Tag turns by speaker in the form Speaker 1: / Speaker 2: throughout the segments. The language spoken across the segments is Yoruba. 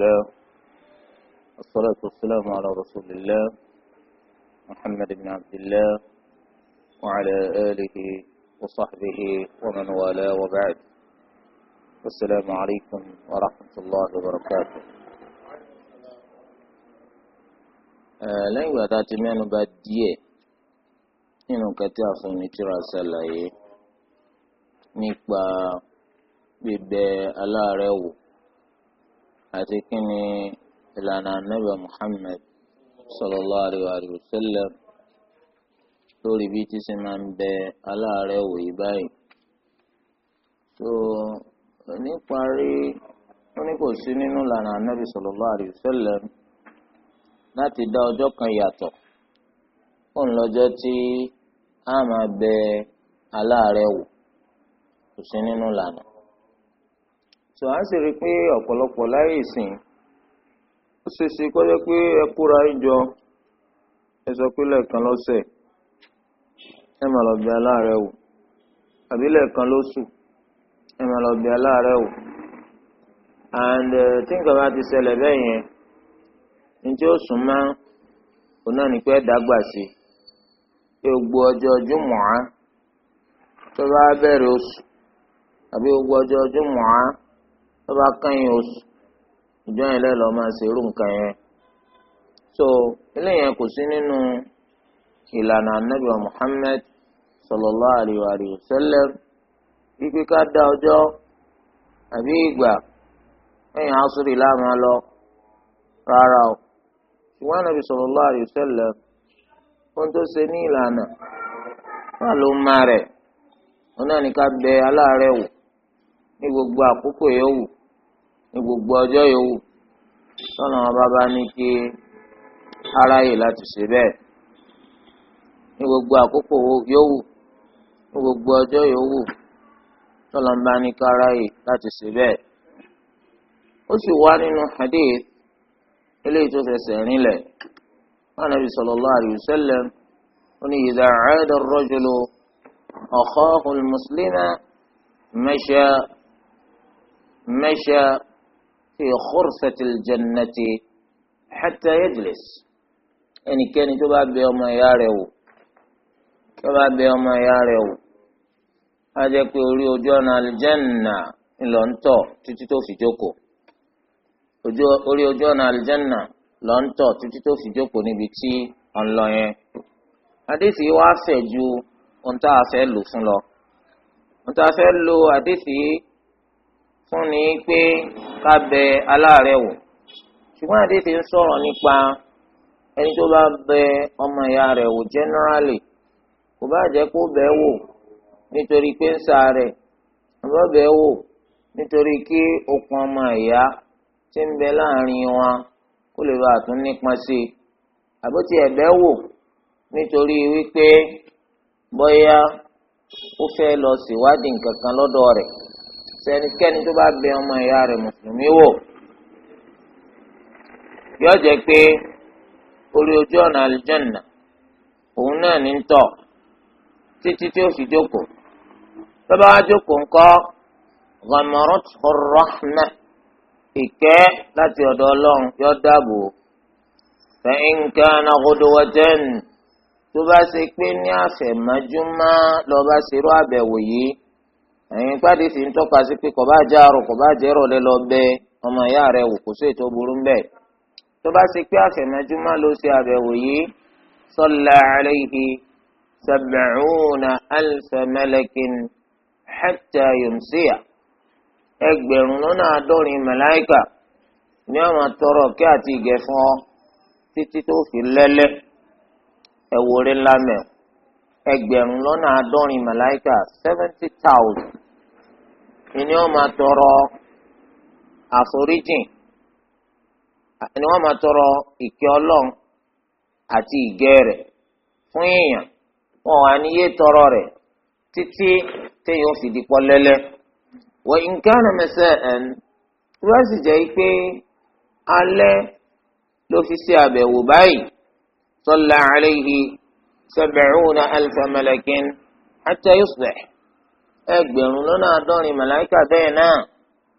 Speaker 1: الله الصلاة والسلام على رسول الله محمد بن عبد الله وعلى آله وصحبه ومن والاه وبعد والسلام عليكم ورحمة الله وبركاته lẹ́yìn ìgbà tá a ti mẹ́nu bà díẹ̀ nínú kẹtẹ́ àfọ̀nìtura ṣàlàyé nípa gbígbẹ aláàárẹ̀ wò àti kí ni ìlànà anábà Muhammad sallallahu alayhi wa sallam lórí bí tí ṣe máa ń bẹ aláàárẹ̀ wò báyìí. so níparí ó ní kò sí nínú ìlànà anábì sallallahu alayhi wa sallam láti dá ọjọ́ kan yàtọ̀ fún lọ́jọ́ tí a máa bẹ aláàárẹ̀ wò kò sí nínú ìlànà. sọ á sì rí i pé ọ̀pọ̀lọpọ̀ láyé ìsìn ó ṣe ṣe kọ́jọ́ pé ẹ kóra ìjọ ẹ sọ pé lẹ́ẹ̀kan lọ́sẹ̀ ẹ máa lọ bẹ̀ aláàárẹ̀ wò àbí lẹ́ẹ̀kan lóṣù ẹ máa lọ bẹ̀ aláàárẹ̀ wò and eh, tí nǹkan ti ṣẹlẹ̀ bẹ́ẹ̀ yẹn ní tí ó sùn máa òun náà ní pé dàgbà sí pé gbogbo ọjọ́ tó bá bẹ̀rẹ̀ oṣù tó bá kẹ́yìn oṣù ìjọ yẹn lẹ́lọ́ máa ṣe irú nǹkan yẹn so eléyẹn kò sí nínú ìlànà anabi wa Muhammad sallallahu alayhi wa sallam wípé ká dá ọjọ́ àbí ìgbà ẹ̀yìn asúrì láàmú lọ rárá o ṣùgbọ́n anabi sallallahu alayhi wa sallam ohun tó ṣe ní ìlànà náà ló máa rẹ̀ ọ̀nà ní ká bẹ aláàárẹ̀ wò ní gbogbo àkókò yòówù ní gbogbo ọjọ́ yòówù tọ́nà ọba bá ní kí aráyè láti ṣe bẹ́ẹ̀ ní gbogbo àkókò yòówù ní gbogbo ọjọ́ yòówù tọ́nà ọba ní kí aráyè láti ṣe bẹ́ẹ̀. ó sì wá nínú hadith eléyìí tó fẹsẹ̀ rinlẹ̀ wọn nàbí sallallahu alaihi wasallam ó ní idha aada ar-rajulu akhahu al fi khurfatil jannati hatta yajlis ẹnikẹ́ni tó bá bẹ ọmọ ìyá rẹ̀ wò tó bá bẹ ọmọ ìyá rẹ̀ wò á jẹ́ pé orí ojú ọ̀nà aljanna ńlọ ń tọ̀ títí tó fi jókòó orí ojú ọ̀nà aljanna lọ títí tó fi jókòó níbi tí ọ̀n lọ yẹn. àdìsí wa fẹ̀ ju ohun tá a fẹ́ lò fún lọ. ohun tá a fẹ́ lo àdìsí fún ni pé ká bẹ aláàárẹ̀ wò ṣùgbọ́n àdéhùn ń sọ̀rọ̀ nípa ẹni tó bá bẹ ọmọ ìyá rẹ̀ wò generally kò bá jẹ́ kó bẹ̀ wò nítorí pé ń sa rẹ̀ bẹ̀ ẹ́ wò nítorí kí okùn ọmọ ìyá tí ń bẹ láàrin wọn kó lè bá sí i àbótí lọ nǹkan kan lọ́dọ̀ sẹ́nikẹ́ni tó bá bẹ ọmọ ìyá rẹ̀ mùsùlùmí wò yóò jẹ́ pé orí ojú ọ̀nà àlùjànnà òun náà ní tọ̀ títí tí ó fi jókòó tó bá jókòó ńkọ́ ghamarot rahma ìkẹ́ láti ọ̀dọ̀ ọlọ́run yóò dáàbò fa in kana tó bá ṣe pé ní àfẹ̀mọ́júmọ́ lọ́ọ́ ṣerú àbẹ̀wò yìí ẹ̀yin pàdé sì ń tọ́ka sí pé kò bá jẹ́ àrò kò bá jẹ́ rọ̀ lẹ lọ bẹ ọmọ ìyá rẹ wò kò sí ètò burú ń bẹ̀. tó bá ṣe pé àfẹ̀mẹ́júmọ́ ló ṣe àbẹ̀wò yìí salla alayhi sab'una alfa malakin hatta ẹgbẹ̀rún lọ́nà àádọ́rin màláìkà ní àwọn tọrọ kí àti ìgẹ̀ fún ọ títí tó fi lẹ́lẹ́ ẹ̀wòrẹ́ lámẹ̀ ẹgbẹ̀rún lọ́nà àádọ́rin màláìkà seventy thousand ni wọ́n máa tọrọ àforíjìn ni wọ́n máa tọrọ ìkẹ́ ọlọ́run àti ìgẹ́ rẹ̀ fún èèyàn wọn wà ní yé tọrọ rẹ̀ títí téèyàn fi di pọ́lẹ́lẹ́ wọ nǹkan mẹsẹ̀ ẹ̀n tí wọ́n sì jẹ́ pé alẹ́ ló fi ṣe àbẹ̀wò báyìí sọlá àlẹ́ yìí sẹbẹ̀rún alfa malakin hatta ẹgbẹ̀rún lọ́nà àádọ́rin màláìkà bẹ́ẹ̀ náà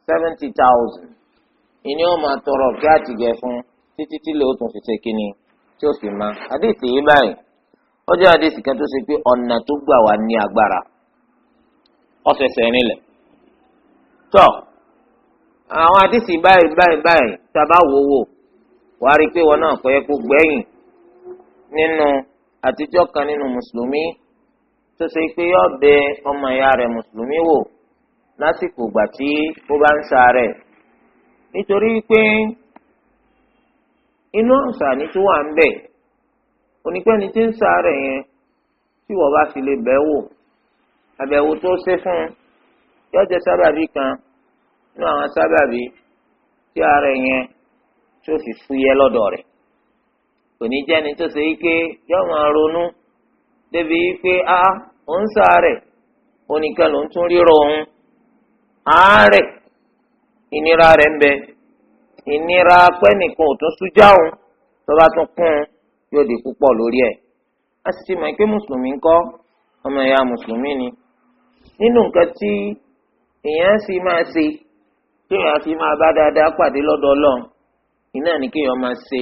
Speaker 1: seventy thousand ìní ọmọ àtọrọ kí á ti gẹ fún títí tí lè ó tún fi ṣe kíni tí ó fi má àdìsí yìí báyìí ó jẹ́ àdìsí kan tó ṣe pé ọ̀nà tó gbà wá ní agbára ọ̀fẹ̀sẹ̀ rinlẹ̀ tọ́ àwọn àdìsí báyìí báyìí báyìí tábà wò wàá rí i pé wọn náà pẹ́ kó gbẹ̀yìn nínú àtijọ́ kan nínú mùsùlùmí tó ṣe pé yọ bẹ ọmọ ìyá rẹ̀ mùsùlùmí wò lásìkò ìgbà tí ó bá ń ṣàárẹ̀ nítorí pé inú àǹfààní tó wà ń bẹ onípẹ́ni tí ń ṣàárẹ̀ yẹn tí wọ́n bá fi lè bẹ̀ wò àbẹ̀wò tó ṣe fún un yóò sábàbí kan nínú àwọn sábàbí tí àárẹ̀ yẹn tó fi fúyẹ́ lọ́dọ̀ rẹ̀ kò ní jẹ́ni tó ṣe yí pé máa ronú débi yí pé áá. ó ń sáré oníkan ló ń tún ríro òun àárẹ̀ ìnira rẹ̀ ń bẹ ìnira pẹ́nìkan ò tún sújá òun tó bá tún kún un yóò di lórí ẹ̀ a sì ti mùsùlùmí ń ọmọ mùsùlùmí ni nínú nǹkan tí èèyàn sì máa ṣe tí èèyàn sì máa bá dáadáa pàdé lọ́dọ̀ ọlọ́run iná ní kéèyàn máa ṣe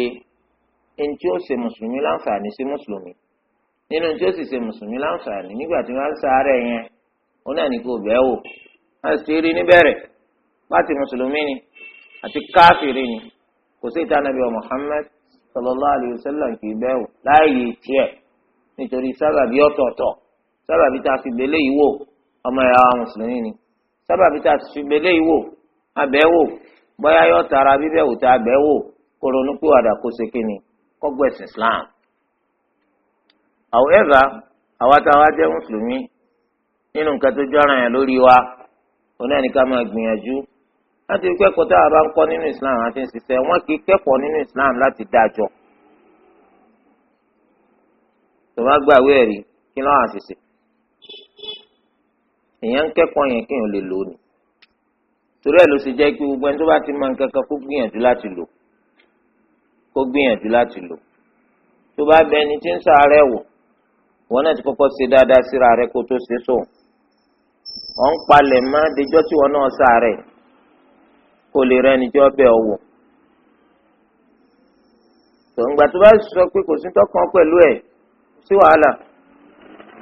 Speaker 1: ẹni tí ó ṣe mùsùlùmí láǹfààní sí nínú tí ó sì ṣe mùsùlùmí láǹfààní nígbà tí wọ́n ń sàárẹ̀ yẹn ó náà ní kó bẹ́ẹ̀ wò wọ́n sì rí níbẹ̀rẹ̀ láti mùsùlùmí ni àti káfìrí ni kò sí ìtànàbí wa Muhammad sallallahu alayhi wa sallam kì í bẹ́ẹ̀ wò láàyè tiẹ̀ nítorí sábàbí ọ̀tọ̀ọ̀tọ̀ sábàbí tá a fi gbélé yìí wò ọmọ ẹ̀yà wa mùsùlùmí ni sábàbí tá a fi gbélé yìí wò abẹ́wò bóyá yọ tara bíbẹ̀wò tá abẹ́wò kòrónú pé wàdà kó ṣe kíni kọ́gbẹ́sì Islam however àwa táwa jẹ́ mùsùlùmí nínú nǹkan tó jọ́ra yẹn lórí wa oní ẹnìkan máa gbìyànjú láti rí kẹ́kọ̀ọ́ tá a bá ń kọ́ nínú Islam àti ìṣiṣẹ́ wọn kì í kẹ́kọ̀ọ́ nínú Islam láti dájọ́ tó bá gbàwé ẹ̀rí kí lọ́wọ́ àṣìṣe èèyàn ń kẹ́kọ̀ọ́ yẹn kí èèyàn lè lò ó ni torí ẹ̀ ló ṣe jẹ́ kí gbogbo ẹni tó bá ti máa ń kankan kó gbìyànjú láti lò kó gbìyànjú láti lò tó bá bẹ ẹni tí ń sàárẹ̀ wò wọn náà ti kọ́kọ́ ṣe dáadáa síra rẹ kó tó ṣe sùn wọn ń palẹ̀ mọ́ adijọ́ tí wọn náà sáré kò lè rẹ ẹnìjọ́ bẹ́ ọ wò tòǹgbà tó bá sọ pé kò sí tọkàn pẹ̀lú ẹ̀ sí wàhálà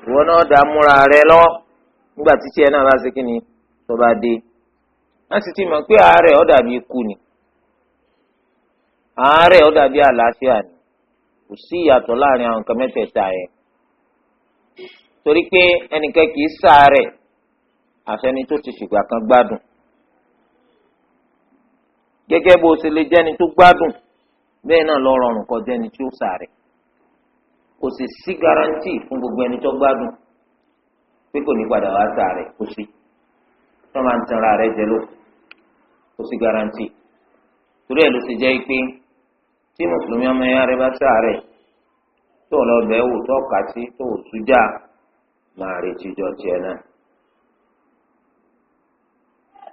Speaker 1: ìwọ náà dá múra rẹ lọ nígbà tí tiẹ̀ náà bá ṣe kí ni tó bá dé wọ́n sì ti mọ̀ pé àárẹ̀ ó dàbí ikú ni àárẹ̀ ó dàbí àlàáfíà ni kò sí ìyàtọ̀ láàrin àwọn nǹkan mẹ́tẹ̀ẹ̀ta yẹn torí pé ẹnìkan kì í ṣàárẹ̀ àfẹni tó ti fìgbà kan gbádùn gẹ́gẹ́ bó ṣe lè jẹ́ni tó gbádùn bẹ́ẹ̀ náà lọ rọrùn kọjá ẹni tí ó kò sì sí garanti fún gbogbo ẹni tó gbádùn pé kò ní padà wá ṣàárẹ̀ kò sí tó máa ń tanra rẹ̀ jẹ ló kò sí garanti torí ẹ̀ ló ṣe jẹ́ pé tí mùsùlùmí ọmọ ẹ̀yà rẹ̀ bá ṣàárẹ̀ tó lọ bẹ̀ẹ́ wò tó kà sí tó sùjá máa retí jọ tiẹ̀ náà.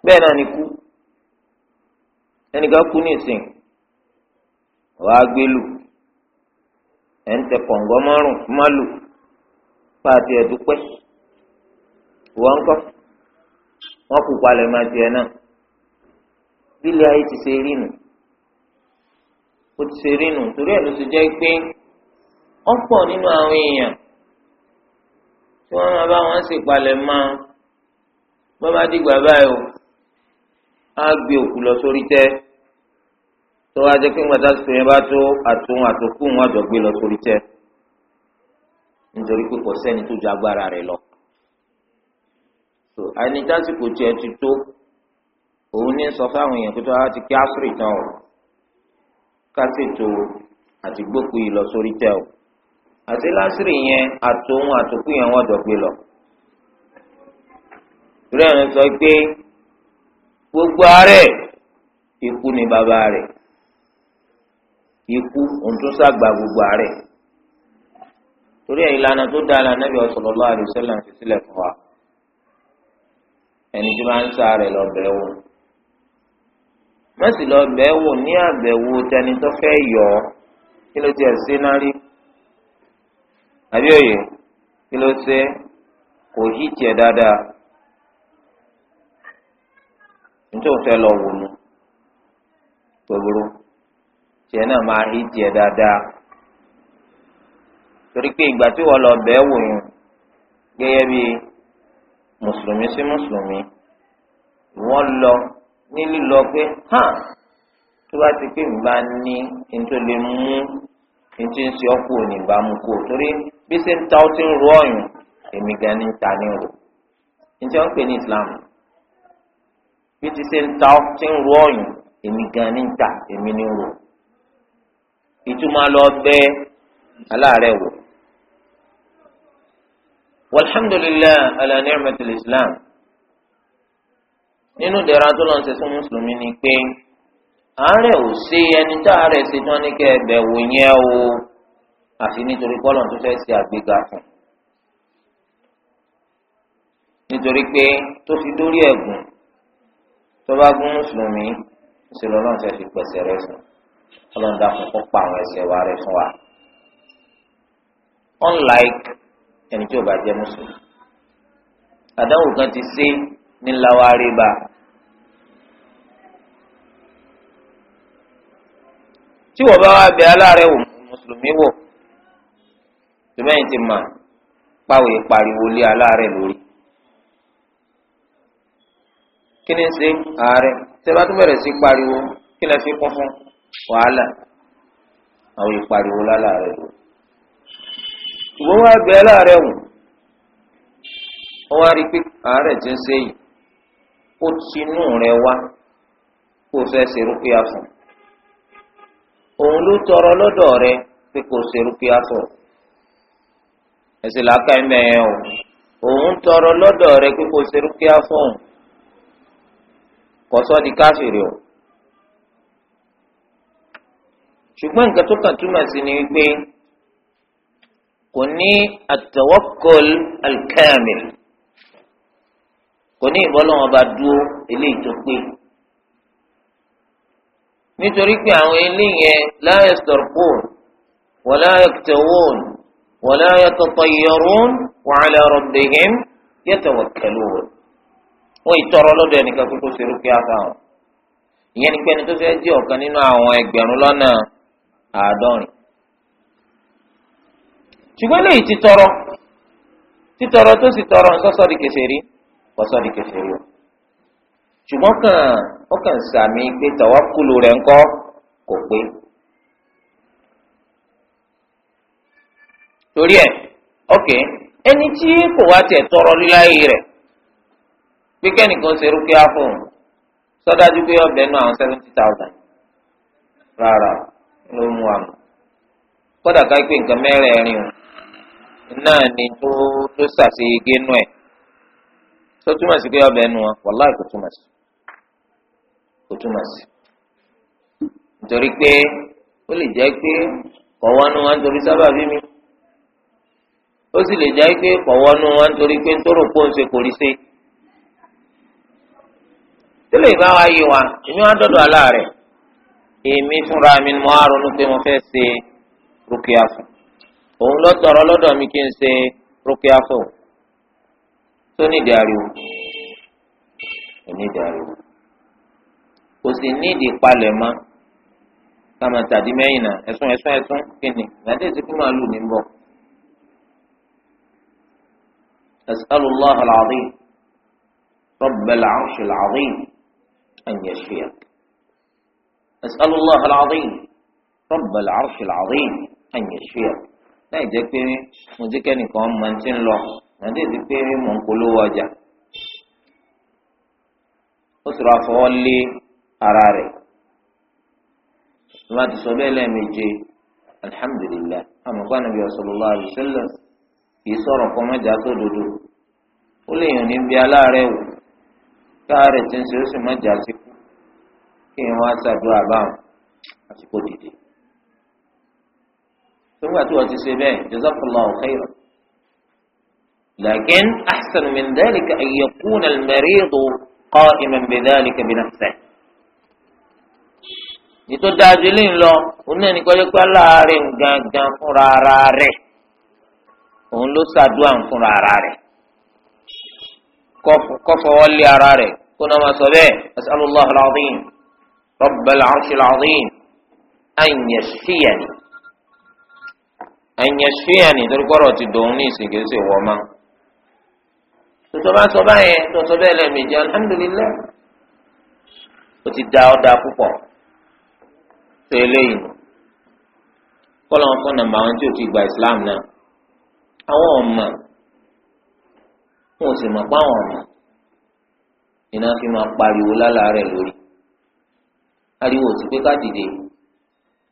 Speaker 1: bẹ́ẹ̀ náà ni kú ẹnìkan kú ní ìsìn wàá gbé lù ẹ̀ ń tẹ kọ̀ǹgọ́ márùn má lù pàtì ẹ̀dúpẹ́ wọ́n kọ́ wọ́n kú palẹ̀ máa tiẹ̀ náà bílẹ̀ ayé ti ṣe rí nù ó ti ṣe rí nù torí ẹ̀ ló ti jẹ́ pé ọ̀pọ̀ nínú àwọn èèyàn wọ́n máa bá wọn sì palẹ̀ máa wọ́n bá dìgbà báyìí o á gbé òkú lọ sórí tẹ́ tó wá jẹ́ pé gbàtà sọ yẹn bá tó àtún àtòkù wọn jọ gbé lọ sórí tẹ́ nítorí pé kò sẹ́ni tó ju agbára rẹ̀ lọ. tó àìníjásìkò tiẹ̀ ti tó òun ní sọ fáwọn èèyàn pé tó kí áfírí tán ká sì tó àti gbókùú yìí lọ sórí tẹ́ o àti lásìrì yẹn àtòun àtòkù yẹn wọ́n jọ gbé lọ. ìrẹ́ ẹ̀rín sọ pé gbogbo àárẹ̀ ikú ni bàbá rẹ̀ ikú òun tún ṣàgbà gbogbo àárẹ̀ torí ẹ̀ ìlànà tó dáa lànà bí sallallahu alaihi wasallam fi sílẹ̀ fún wa ẹni tí wọ́n ń sa rẹ̀ lọ bẹ̀ wò wọ́n sì wò ní àbẹ̀wò tẹni yọ kí ló tiẹ̀ sí náà rí àbí òye kí ló ṣe kò hí tiẹ̀ dáadáa nítorí òun fẹ́ lọ wò nu gbogbo tiẹ̀ náà máa hí tiẹ̀ dáadáa torí pé ìgbà tí wọ́n lọ bẹ́ẹ̀ wò yẹn gẹ́gẹ́ bí mùsùlùmí sí mùsùlùmí wọ́n lọ ní lílọ pé hàn tó bá ti pé nígbà ní nítorí mú ní ń ṣe ọkùnrin nígbà mú kó torí bí ṣe ń ta ọtí ń ro ọyàn èmi gan ní ta ní ro ní tí wọ́n ń pè ní Islam bí ti ṣe ń ta ọtí ń ro ọyàn èmi gan ní ta èmi ní ro ìtumọ̀ lọ bẹ aláàárẹ̀ wò. walhamdulillah ala ni'matil Islam nínú ìdẹ̀ra tó lọ́n ṣe fún mùsùlùmí ni pé àárẹ̀ ò sí ẹni tá àárẹ̀ ṣe tán ní kẹ́ ẹ bẹ̀wò yẹn o àfi nítorí pọ́lọ̀ tó fẹ́ ṣe àgbéga fún nítorí pé tó fi dórí ẹ̀gùn tó bá gún mùsùlùmí ìṣèlú ọlọ́run fẹ́ fi pẹ̀sẹ̀ rẹ fún ọlọ́run dákun kó pa àwọn ẹsẹ̀ wa rẹ fún wa unlike ẹni tí ò bá jẹ́ mùsùlùmí àdáwò kan ti ṣe ní lawari bá tí wọ́n bá wá bẹ̀ aláàrẹ̀ wò mùsùlùmí wò tùmẹ̀yìn ti mà pàwé pariwo lé aláàárẹ̀ lórí kí ni ṣe àárẹ̀ tẹ́ bá tún bẹ̀rẹ̀ sí pariwo kí lẹ fi kún fún wàhálà àwọn ìpariwo láàárẹ̀ lórí ṣùgbọ́n wọ́n á gbé aláàárẹ̀ wù wọ́n wá rí pé àárẹ̀ ti ń ṣe yìí ó tinú rẹ wá kó o fẹ́ ṣe rúkúyà fún òun ló tọrọ lọ́dọ̀ rẹ pé kó o ṣe rúkúyà fún ọ ẹsẹ̀ làákà ẹ̀ mẹ́ẹ̀ o òun tọrọ lọ́dọ̀ rẹ pé kò ṣe rúkìá fóun kò sọ di káfíìrì o ṣùgbọ́n nǹkan tó kàn túmọ̀ sí ni wípé kò ní àtẹwọ́kọ́l alkẹ́mìl kò ní ìbọ́lọ́wọ́n bá dúró eléyìí tó pé nítorí pé àwọn eléyìí yẹn la yastarqun wa la yaktawun. ولا يتطيرون وعلى ربهم يتوكلون wọ́n ìtọrọ lọ́dọ̀ ẹnìkan kó tó ṣe rúkìá fáwọn ìyẹn ni pé ẹni tó fẹ́ jẹ́ ọ̀kan nínú àwọn ẹgbẹ̀rún lọ́nà àádọ́rin ṣùgbọ́n lèyí ti tọrọ títọrọ tó sì tọrọ ń sọ́sọ́ di kèfèrí kọ́sọ́ di kèfèrí o ṣùgbọ́n kàn ó kàn sàmì pé tàwákùlù rẹ̀ ńkọ́ kò pé torí ẹ̀ ok ẹni tí kò wá tẹ̀ tọrọ líláyé rẹ̀ pé kẹ́nìkan ṣe rúkìá fún un sọdájú pé ọbẹ̀ nù àwọn seventy thousand rárá ló mú àmọ́ kódà ká pé nǹkan mẹ́rẹ̀ẹ̀rin o náà ni tó tó ṣàṣeyege nù ẹ̀ tó túmọ̀ sí pé ọbẹ̀ nù wọn wàláì kò túmọ̀ sí kò túmọ̀ sí nítorí pé ó lè jẹ́ pé kọ̀wọ́nú wa nítorí sábàbí mi ó sì lè jẹ́ pé pọ̀wọ́nú wọn torí pé nítorí òpó ń ṣe kò rí ṣe. tílé ìbá wa yé wa èmi wá dọ́dọ̀ aláàrẹ̀ èmi fúnra mi ni mo á ronú pé mo fẹ́ ṣe rúkìá fún òun ló lọ́dọ̀ mi kí n ṣe rúkìá fún tó nídìí ariwo kò nídìí ariwo kò sì nídìí palẹ̀mọ́ ká máa tàdí mẹ́yìn náà ẹ̀sùn ẹ̀sùn ẹ̀sùn kí ni ìgbà kí máa lù ní bọ̀. أسأل الله العظيم رب العرش العظيم أن يشفيك أسأل الله العظيم رب العرش العظيم أن يشفيك لا يجيكني مجيكني كون منتين له هذا يجيكني من كل وجه أسرع فولي أراري ما تسوبي لي ميجي الحمد لله أما قال النبي صلى الله عليه وسلم kìí sọ̀rọ̀ kọ́ mọ́jà sódodo ó lè yàn ní bí aláàárẹ̀ wò káàárẹ̀ tí ń ṣe ó sì mọ́jà sí kú kí n wá ṣàdúrà báwọn àti dìde. nígbà tí wọ́n ti ṣe bẹ́ẹ̀ jazakallahu khairan. لكن أحسن من ذلك أن يكون المريض قائما بذلك بنفسه nítorí dájú lè ń lọ òun náà ní kọ́lé pé aláàárẹ̀ gangan fúnra ara rẹ̀ òun ló ṣàdúrà ń fúnra ara rẹ̀ kọ́fọ́wọ́ lé ara rẹ̀ kó náà máa sọ bẹ́ẹ̀ as'alullah al-azim rabbal arshil azim an yashfiyani an yashfiyani torí kọ́rọ̀ ti dòun ní ìsìnkèsè wọ́n máa tòtò bá sọ báyẹn tòtò bẹ́ẹ̀ lẹ́ẹ̀mejì alhamdulillah ó ti da ọ́ da púpọ̀ tó eléyìí kọ́lọ́n fún nàmbà wọn tí ó ti gba Islam náà àwọn ọmọ wọn ò sì mọ̀ pé àwọn ọmọ iná fi máa pariwo lálàárẹ̀ lórí ariwo ti pé ká dìde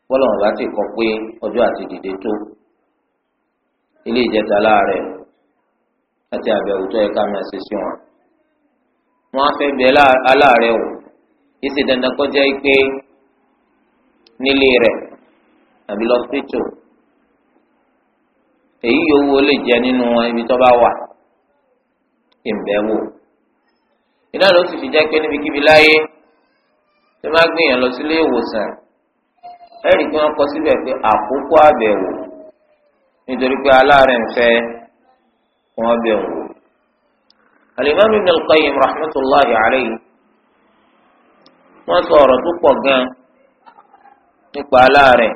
Speaker 1: bọ́lọ̀mù bá ti kọ pé ọjọ́ àti dìde tó ilé ìjẹta láàárẹ̀ àti àbẹ̀wò tó yẹ ká máa sí wọn. wọ́n á fẹ́ bẹ aláàárẹ̀ wò kí sì dandan kọjá pé nílé rẹ̀ àbí lọ́sítò èyí yòówó lè jẹ nínú ibi tó bá wà kí n bẹ wò iná ló sì fi jẹ́ pé níbikíbi láyé tó má gbìyàn lọ sílé ìwòsàn ẹ̀rí kí wọ́n kọ síbẹ̀ pé àkókò àbẹ̀wò nítorí pé aláàárẹ̀ ń fẹ́ wọ́n bẹ̀ wò. Al-Imam Ibn al alayhi wọ́n sọ ọ̀rọ̀ tó pọ̀ gan nípa aláàárẹ̀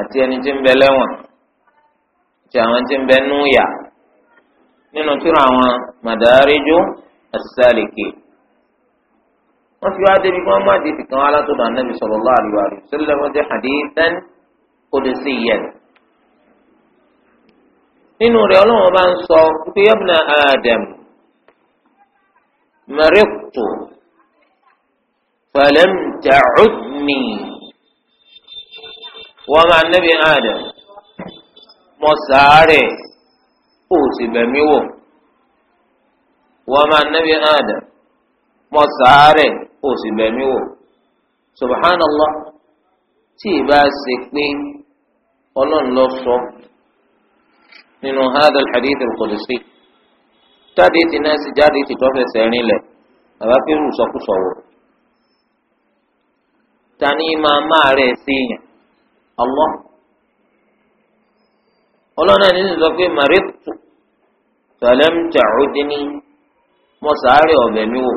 Speaker 1: àti ẹni tí ń bẹ lẹ́wọ̀n ti àwọn tí ń bẹ núyà nínú tíra àwọn Madariju As-Saliki wọ́n fi wá débi wọ́n má dìtì kan alátọ̀dọ̀ anábì sallallahu alaihi wa sallam wọ́n jẹ́ hadithan qudusiyyan. nínú rẹ̀ ọlọ́wọ́n bá ń sọ pé yabna Adam maridtu falam ta'udni wọ́n máa nábì Adam mo sàárẹ̀ ó sì bẹ̀ mí wò wọ́n máa nẹ́bí àdà mo sàárẹ̀ ó sì bẹ̀ mí wò subhanallah tí ì bá ṣe pé ọlọ́run lọ sọ nínú hadha al-hadith al jáde ti náà sì jáde ti tọ́ fẹsẹ̀ rinlẹ̀ bàbá kírù sọkúsọ wò ta ni màmá rẹ̀ sí Allah ọlọ́nà ní sísọ pé maritu sọlẹ́m tàrúdínní mọ sàárẹ̀ ọ̀bẹ̀ mi wò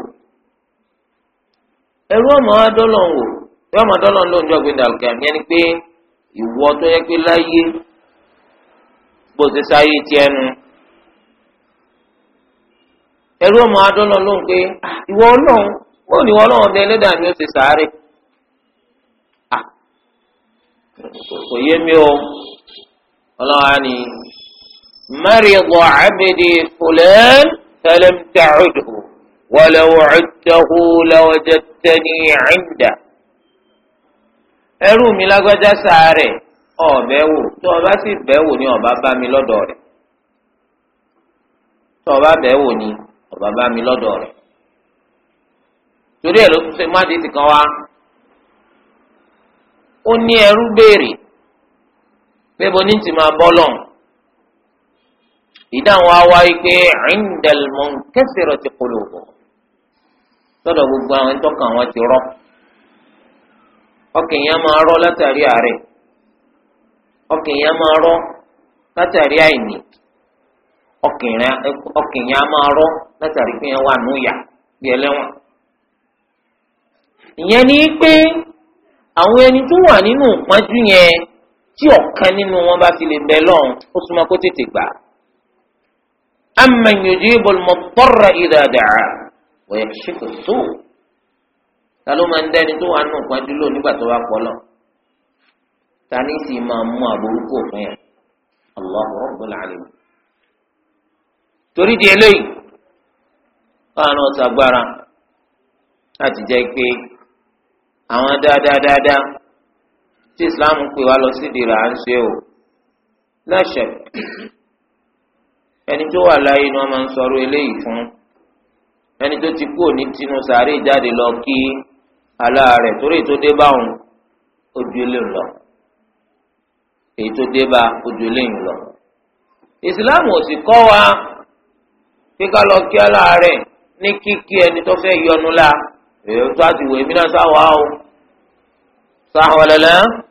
Speaker 1: ẹrú ọmọ adọ́lọ̀ wò ẹrú ọmọ adọ́lọ̀ ló ń jọ gbé dàlùkàmí ẹni pé ìwọ tó yẹ pé láyé bó ti sáyé tiẹ̀ nu ẹrú ọmọ adọ́lọ̀ ló ń pé ah, ìwọ ọlọ́run bó ni ìwọ ọlọ́run ọbẹ̀ ẹlẹ́dàá ni ó ti sàárẹ̀ ah, kò yé mi o ọlọ́wà ni maridu abdi fulan falam ta'udhu walaw 'udtahu lawajadtani 'inda ẹrú mi lágbájá sáré ọ̀bẹ wò tó ọba sì bẹ̀ wò ní ọba bá mi lọ́dọ̀ rẹ̀ tó ọba bẹ̀ wò ní ọba bá mi lọ́dọ̀ rẹ̀ torí ẹ̀ ló ṣe má di ti kan wá ó ní ẹrú béèrè pé bo ní ti máa bọ́ lọ́n ìdáhùn awa yìí pé indal munkasirati qulubu lọ́dọ̀ gbogbo àwọn ẹni tọ́kàn wọn ti rọ́ ọkàn yẹn máa rọ́ látàrí àárẹ̀ ọkàn yẹn máa rọ́ látàrí àìní ọkàn yẹn máa rọ́ látàrí pé yẹn wà núyà bí ẹlẹ́wọ̀n ìyẹn ni pé àwọn ẹni tó wà nínú ìpọ́njú yẹn tí ọ̀kan nínú wọn bá fi lè bẹ lọ́hùn ó súnmọ́ kó tètè gbà. amman yujibul mudtarra idha da'a wa yakshifu as-su' ta ló máa ń dẹ́ni tó wà nù pọ́n dúró nígbà tó bá pọ̀ lọ. ta ní sì máa mú àbórúkọ fún yẹn Allahu Rabbul Alamin. torí di eléyìí káwọn ọ̀sà gbára láti jẹ́ pé àwọn dáadáa dáadáa tí islam pè wá lọ sídìí rà á ń ṣe o láṣẹ ẹni tó wà láyé ni wọ́n máa ń sọ̀rọ̀ eléyìí fún ẹni tó ti kú òní tinú sàárè jáde lọ kí aláàárẹ̀ torí tó dé bá òun ojú ilé ń èyí tó dé bá ojú ilé ń lọ ò sì kọ́ wa pé ká lọ kí aláàárẹ̀ ní kíkí ẹni tó fẹ́ yọnu la èyí tó àti wò èmi náà sáwà o sáwà lẹ́lẹ́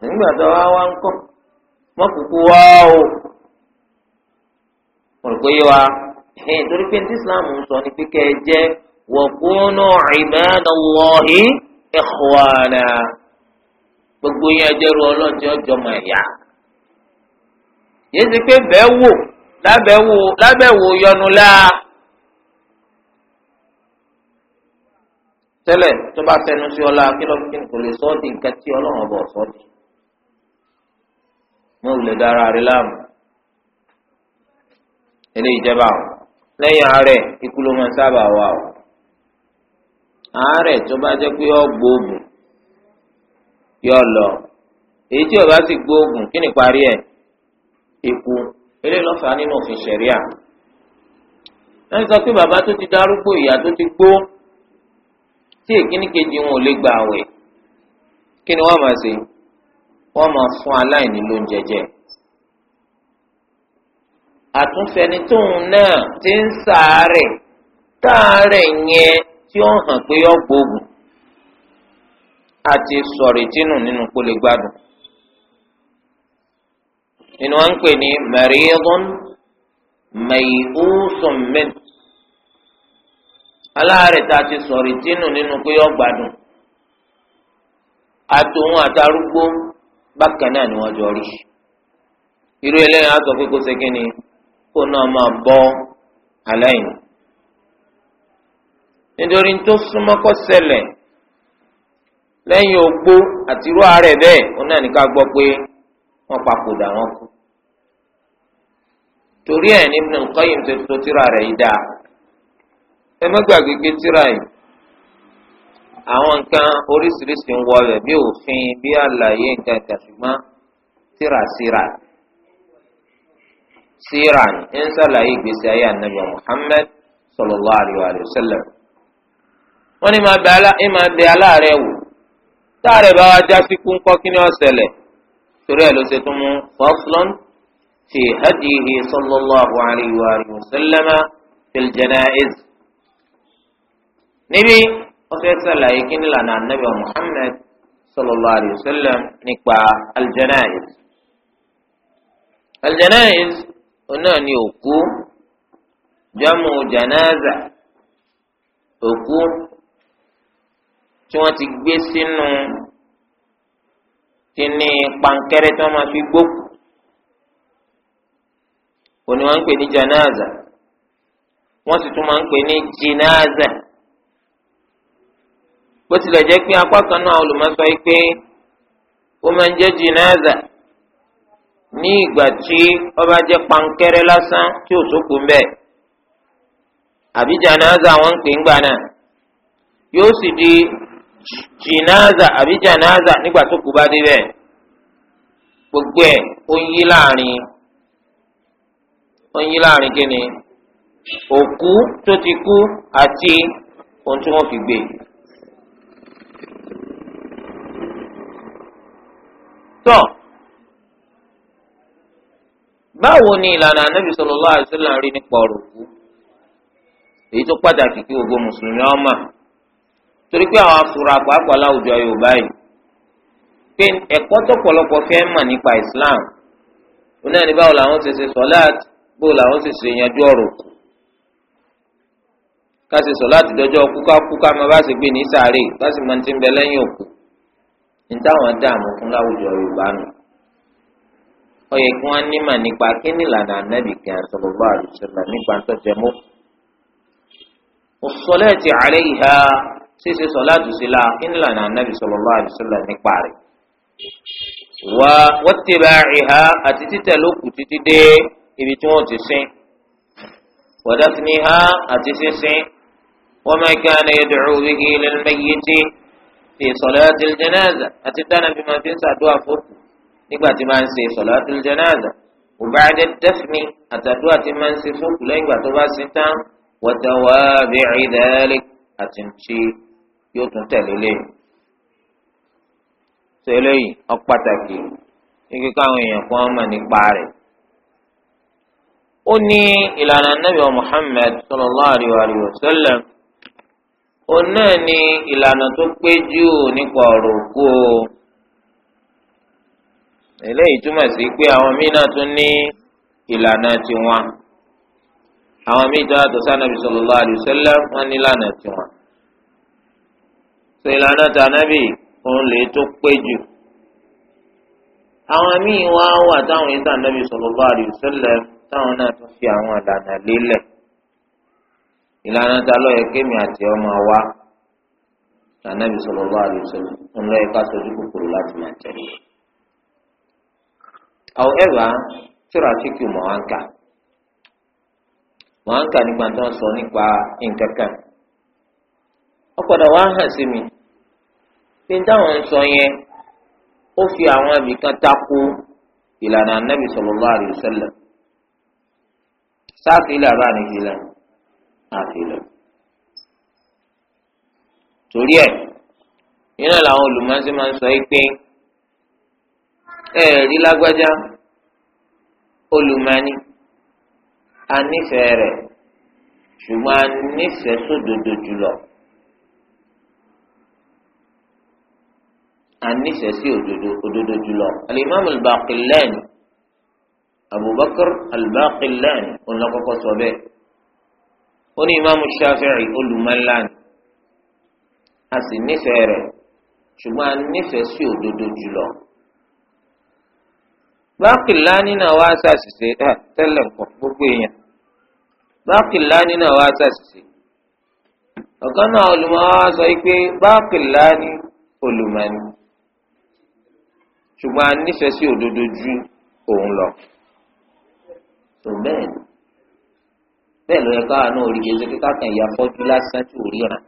Speaker 1: nígbà tó wá wá ń kọ́ mọ́ kúkú wá o mo rò pé yé wa torí pé tí Islam ń sọ ni pé kẹ́ ẹ jẹ́ wa kunu ibadallahi ikhwana gbogbo yẹn ẹjẹ́ ru ọlọ́ọ̀jẹ́ ọjọ́ mọ̀ ẹ̀yà yìí ti pé bẹ́ẹ̀ wò lábẹ́wò lábẹ́wò yọnu láa. tẹ́lẹ̀ tó bá fẹnu sí ọlá kí ló kí n kò lè sọ ọ́ di nǹkan tí ọlọ́run ọba ọ̀sọ́ di mo lè dára rí láàmú eléyìí jẹba o lẹ́yìn àárẹ̀ ikú ló máa sábà wà o àárẹ̀ tó bá jẹ́ pé ọ gbóògùn yọ lọ èyí tí ọba sì gbóògùn kí ni parí ẹ̀ ikú eléyìí lọ́fà nínú òfin ṣẹ̀ríà wọ́n sọ pé bàbá tó ti darúgbó ìyá tó ti gbó tí èkíní kejì wọn ò lè gbà àwẹ̀ kí ni wọ́n máa ṣe. wọ́n máa fún aláìní lóúnjẹ jẹ àtúnfẹni tóun náà ti ń taa táàárẹ̀ yẹn tí ó hàn pé ó a àti sọ̀rètínù nínú kó lè gbádùn nínú wọn ń pè ní mẹ̀ríẹ́dún mẹ̀yìúsùn ti nínú gbádùn àtòun bákan náà ni wọ́n jọ rí irú eléyìí á sọ pé kó ṣe kí ni kó náà máa bọ́ aláìní nítorí tó súnmọ́ kó ṣẹlẹ̀ lẹ́yìn ogbó àti irú àárẹ̀ bẹ́ẹ̀ ó náà ní ká gbọ́ pé wọ́n papòdà wọn kú torí ẹ̀ ní Ibn al-Qayyim tó tíra rẹ̀ yìí dáa ẹ má gbàgbé pé tíra yìí àwọn nǹkan oríṣiríṣi ń wọ rẹ̀ bí òfin bí àlàyé nǹkan kan ṣùgbọ́n tírasíra síra ni ń ṣàlàyé ìgbésí ayé ànábì Muhammad sallallahu alayhi wa sallam. wọ́n ní máa bẹ aláàárẹ̀ wò táàrẹ̀ bá wá já sí kúńkọ́ kí ni ó ṣẹlẹ̀ torí ẹ̀ ló ṣe tún mú faslun fi hadihi sallallahu alayhi wa sallam fil janaiz. níbi wọ́n fẹ́ sàlàyé kí ni lànà anabi muhammed sallallahu alayhi wa sallam nípa aljanayiz aljanayiz náà ni òkú jamu janaza òkú tí wọ́n ti gbé sínú kíní pankẹ́rẹ́ tí wọ́n máa fi gbókù òní wọ́n ń pè ní janaza wọ́n sì tún máa ń pè ní jinaza bó tilẹ̀ jẹ́ pé apá kan náà olùmọ̀sọ yìí pé ó máa ń jẹ́ jìnnáza ní ìgbà tí ó bá jẹ́ pankẹ́rẹ́ lásán tí ò sókun ń bẹ̀ àbí jìnnáza wọn ń pè ń gbà náà yóò sì di jìnnáza àbí jìnnáza nígbà tó kù bá débẹ̀ gbogbo ẹ̀ ó yí láàrin ó yí láàrin kí ni òkú tó ti kú àti ohun tí wọ́n fi gbé tọ́ báwo ni ìlànà anábì sallallahu alaihi nri rí nípa ọ̀rọ̀ òkú èyí tó pàtàkì kí gbogbo mùsùlùmí ọmọ torí pé àwọn afura pàápàá láwùjọ yorùbá yìí pé ẹ̀kọ́ tó fẹ́ islam Onye ẹni báwo làwọn ṣe ṣe sọláàt bó làwọn ṣe yanjú ká ṣe dọjọ bá ṣe gbé ní sì máa ti ń bẹ ní táwọn dààmú fún láwùjọ yorùbá nù ó yẹ kí wọ́n nímọ̀ nípa kí ni ìlànà anábì kan sallallahu alaihi wasallam nípa tó jẹ mọ́. as-salati alaiha ṣíṣe sọlá dùsílà kí ni ìlànà anábì sallallahu alaihi wasallam nípa rẹ̀. wà wattiba'iha àti títẹ̀ lókù títí dé ibi tí wọ́n ti sìn. wa dafniha àti sísìn. wa ma kana yad'u bihi lil mayyiti fi salatil janaza àti dáná bí máa fi ń sàdúrà fókù nígbà tí máa ń ṣe salatil janaza wa ba'da dafni àtàdúrà tí máa ń ṣe fókù lẹ́yìn ìgbà tó bá ṣe tán wa tawabi'i dhalik àti ntí yóò tún tẹ̀lé lẹ́yìn. ṣe eléyìí ó pàtàkì kíkí káwọn èèyàn kan mọ̀ nípa rẹ̀. ó ní ìlànà Ànábì Muhammad sallallahu alaihi wa sallam òun naa ni ìlànà tó pé jù nípa ọ̀rọ̀ òkú o eléyìí túmọ̀ sí pé àwọn míì náà tún ní ìlànà tiwọn àwọn míì tó yàtọ̀ sànàbì sallallahu alaihi wasallam wọn ní ìlànà tiwọn sọ ìlànà tànàbì òun lè tó pé jù àwọn míì wá wà táwọn ìtàn nàbì sọlọ alaihi wasallam táwọn náà tún fi àwọn alana lélẹ̀. ìlànà na ló yẹ kémi àti ọmọ wa ànábì sallallahu alaihi wasallam ń lọ yẹ ká sojú kòkòrò láti máa tẹ. however tíráfíkì mọ̀ wá ń kà tó ń sọ nípa hàn sí mi pé táwọn ń sọ yẹn ó fi àwọn ibìkan tako ìlànà àfilọ. torí ẹ iná làwọn olùmọ̀ọ́sí máa ń sọ pé ẹ rí lágbájá olùmọ̀ọ́ni a nífẹ̀ẹ́ rẹ̀ ṣùgbọ́n a nífẹ̀ẹ́ sódodo jùlọ. a nífẹ̀ẹ́ sí òdodo òdodo jùlọ. alimami al-Baqillani Abubakar al-Baqillani òun ó ní ìmáàmù Ṣáfi'í olùmọ̀lá ni a sì nífẹ̀ẹ́ rẹ̀ ṣùgbọ́n a nífẹ̀ẹ́ sí òdodo jùlọ. Baqillani náà wá ṣàṣìṣe tẹ́lẹ̀ nǹkan gbogbo èèyàn Baqillani náà wá ṣàṣìṣe ọ̀gá náà olùmọ̀ wá sọ pé Baqillani olùmọ̀ ni ṣùgbọ́n a nífẹ̀ẹ́ sí òdodo ju òun lọ bẹ́ẹ̀ ló yẹ káwa náà rí yẹn sókè kákan ìyá fọ́jú lásán tí ò ríran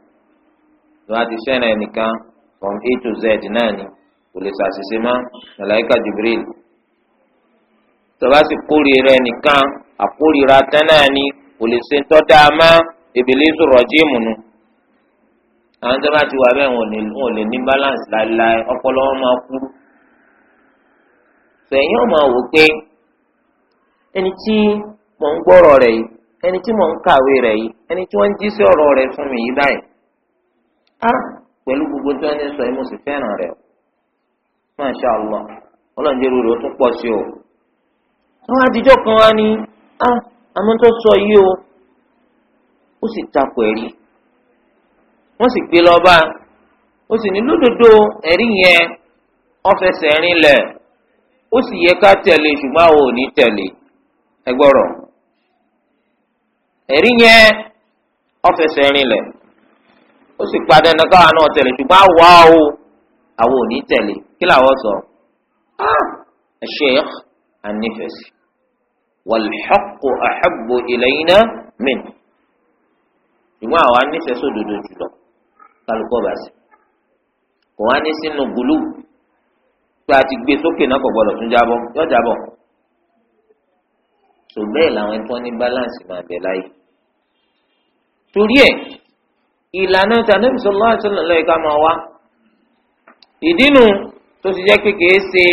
Speaker 1: lọ́wọ́ ti fẹ́ràn ẹnìkan from a to z náà ni kò lè ṣàṣìṣe mọ́ màláíkà Jibril tọ́ba sì kórìíra ẹnìkan àkórìíra tán náà ni kò lè ṣe tọ́da mọ́ ìbílẹ̀ sọ̀rọ̀ jíìmù nu àwọn tó bá ti wà bẹ́ẹ̀ wọn ò lè ní balance láéláé ọpọlọ wọn máa kúrú sẹ̀yìn ọ̀ wò pé ẹni tí mò ń gbọ́rọ̀ rẹ̀ yìí ẹni tí mò ń kàwé rẹ̀ yìí ẹni tí wọ́n jí sí ọ̀rọ̀ rẹ̀ fún mi yìí báyìí á pẹ̀lú gbogbo tí wọ́n ń sọ yìí mo sì fẹ́ràn rẹ̀ o masha allah ọlọ́njẹ́rú ó tún pọ̀ sí o. àwọn àtijọ́ kan wá ní á àmọ́ sọ yìí o ó sì takò ẹ̀rí wọ́n sì gbé lọ́ọ́ bá ó sì ní lódodo ẹ̀rí yẹn rinlẹ̀ sì yẹ ká tẹ̀lé ṣùgbọ́n àwọn ò ní tẹ̀lé ẹ̀rí yẹn ọ̀fẹsẹ̀ rinlẹ̀ ó sì padà ẹnì káwọn náà tẹ̀lé ṣùgbọ́n àwa o àwọn ò ní tẹ̀lé kí làwọn sọ Sheikh anífẹ̀sì wàlḥọ́kù àḥàbò ìlẹ́yìnà mìn ṣùgbọ́n àwa nífẹ̀ẹ́ sódodo jùlọ kálukọ́ bá sí kò wá ní sínú gùlù pé a ti gbé sókè náà kò gbọdọ̀ tún jábọ̀ yọ jábọ̀ so bẹ́ẹ̀ làwọn ẹni tó ní balance máa bẹ̀ láyé torí ẹ̀ ìlànà tànàbí sallallahu alaihi wasallam lọ́ọ́ ẹ̀ka máa wá ìdínú tó ti jẹ́ pé kìí ṣe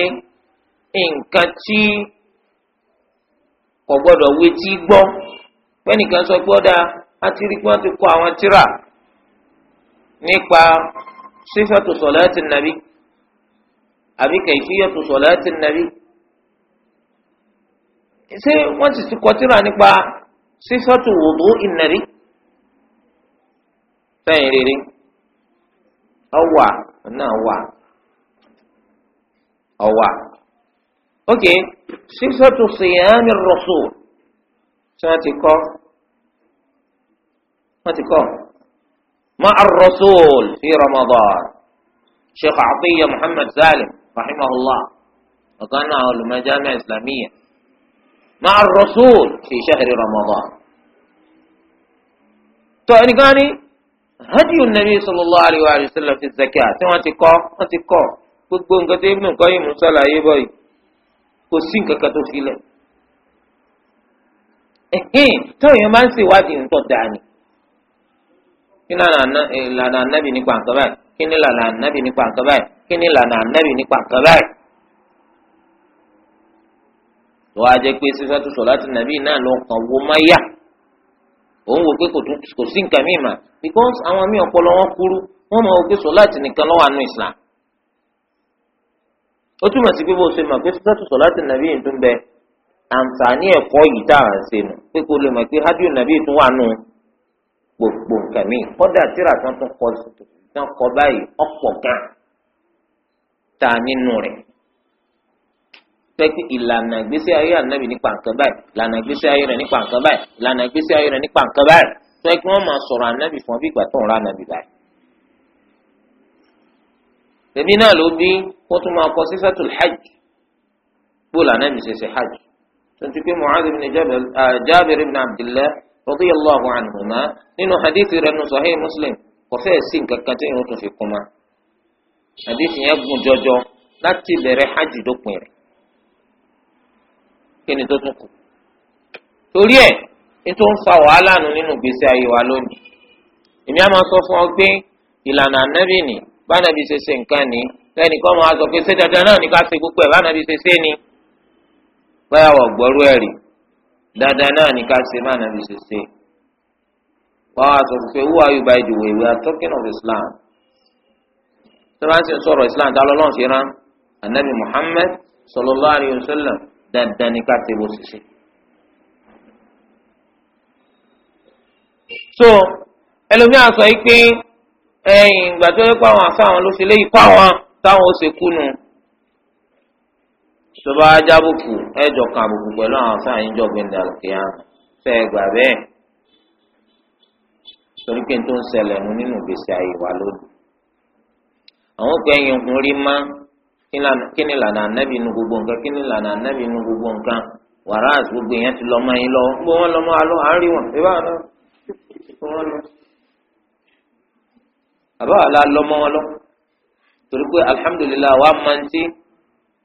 Speaker 1: nǹkan tí kò gbọ́dọ̀ wetí gbọ́ pẹ́nìkan sọ pé ọ́dà àti rí pé wọ́n ti kọ́ àwọn tírà nípa sífàtù sọ̀láàtì nàbí àbí kàìfíyàtù sọ̀láàtì nàbí. ṣé wọ́n ti ti kọtíra nípa sísọ́tù wòdó ìnàrí sẹ́yìn rere ọwà náà wà ọwà ok sísọ́tù sèyáni rọ̀ṣù tí wọ́n ti kọ́ wọ́n ti kọ́ مع الرسول في رمضان شيخ عطية محمد سالم رحمه الله وكان علماء جامعة إسلامية مع الرسول في شهر رمضان tó ẹnìkan ní hadi nabi sallallahu alayhi wa sallam fi zakia tí wọ́n ti kọ́ wọ́n ti kọ́ gbogbo nǹkan tó ibùdó nǹkan yìí musa láàyè bọ́yì kò sí nǹkan kan tó filẹ̀ táwọn èèyàn máa ń ṣèwádìí nǹkan dání kí ni ìlànà ànábì nípa nǹkan báyìí kí ni ìlànà ànábì nípa nǹkan báyìí kí ni ìlànà ànábì nípa nǹkan báyìí lọ́wọ́ ajẹ́ pé sísátú sọ̀láàtì nàbí náà lọ kàn wó máyà òun wò pé kò sí nǹkan míì because àwọn míì ọpọlọ wọn kúrú wọn mọ̀ wò pé sọ̀láàtì nìkan ló wà Islam ó túmọ̀ sí pé bó ṣe mọ̀ pé sísátú sọ̀láàtì nàbí yìí tún bẹ àǹfààní ẹ̀kọ́ yìí tá à ń ṣe nù pé kò lè mọ̀ pé hádìó nàbí tún wà nù gbogbo nǹkan míì kọ́dà tíra tán tún kọ báyìí ọ̀pọ̀ gan ta nínú rẹ̀ pẹ́ẹ́kì ìlànà ìgbésí ayé ànábì nípa nǹkan báyìí ìlànà ìgbésí ayé rẹ̀ nípa nǹkan báyìí ìlànà ìgbésí ayé rẹ̀ nípa nǹkan báyìí pẹ́ẹ́kì wọ́n máa sọ̀rọ̀ ànábì fún bí ìgbà tó ń ra ànábì báyìí. tèmi náà ló bí kó tún máa kọ sísẹ́tù hajj gbọ́dọ̀ ànábì ṣẹṣẹ hajj tuntun pé mu'adh ibn jabir ibn abdullah radiyallahu anhuma nínú hadithi rẹ̀ nù sahih muslim kò fẹ́ẹ̀ sí nǹkan kan tí kí ni tó tún kù torí ẹ̀ nítorí ń fa wàhálà nù nínú ìgbésí ayé wa lónìí èmi á máa sọ fún ọ pé ìlànà ànábì ni bánabi ṣe ṣe nǹkan ni lẹ́nu kan máa sọ pé ṣé dandan náà ní ká ṣe gbogbo ẹ̀ bánabi ṣe ṣe ni báyà wọ̀ gbọ́rú ẹ̀ rí dandan náà ní ká ṣe bánabi ṣe ṣe wọ́n á sọ pé who are you by the way we are talking of Islam tí wọ́n á sì ń sọ̀rọ̀ Islam dá lọ́lọ́run fi rán ànábì Muhammad sallallahu alayhi wa dandan ni ká ṣe bó ṣe ṣe. so ẹlòmíràn sọ yìí pé ẹ̀yìn ìgbà tó yẹ kó àwọn àfa àwọn ló ṣe léyìí kó àwọn táwọn ó ṣe kú nu ìṣọba ajábùkù ẹjọ kan àbùkù pẹ̀lú àwọn àfa yìí jọ gbẹndẹ àlùkìyà fẹ gbà bẹ́ẹ̀ torí pé n tó ń ṣẹlẹ̀ nínú ìgbésí ayé wa lónìí àwọn òkú ẹ̀yìn òkun máa kí ni lànà ànábì nu gbogbo nǹkan kí ni lànà ànábì nu gbogbo nǹkan wàràs gbogbo yẹn ti lọ́mọ yín lọ́wọ́ gbogbo wọn lọ́mọ alọ́ àárín wọn ẹ bá wọn lọ. àbá wà láà lọ́mọ wọn lọ torí pé alhamdulilayi wa máa ń tí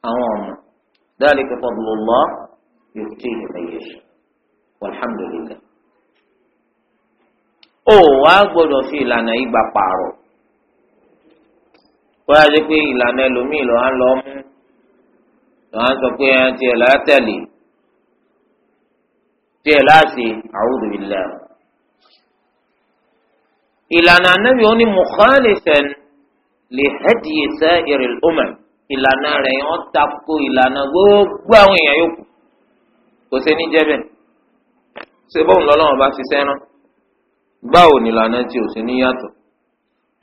Speaker 1: àwọn ọmọ dáàlì kẹfọ bùrọ̀ lọ yóò tí ì lẹ́yìn ẹ̀ṣẹ̀ ó wàá gbọ́dọ̀ fi ìlànà yìí gbà pààrọ̀ wọ́n á jẹ́ pé ìlànà ẹlòmíì lọ́ á lọ́ mú lọ́ á sọ pé ẹran tiẹ̀ láá tẹ̀lé tiẹ̀ láti a'udhu billah. ìlànà anábì ó ní mukhalifan li hadyi sa'iril umam ìlànà rẹ̀ yẹn wọ́n tako ìlànà gbogbo àwọn èèyàn yòókù kò sẹ́ni jẹ́ bẹ́ẹ̀ ṣé bóun lọ́lọ́run bá fi sẹ́ràn báwo ni ìlànà tí ò sí níyàtọ̀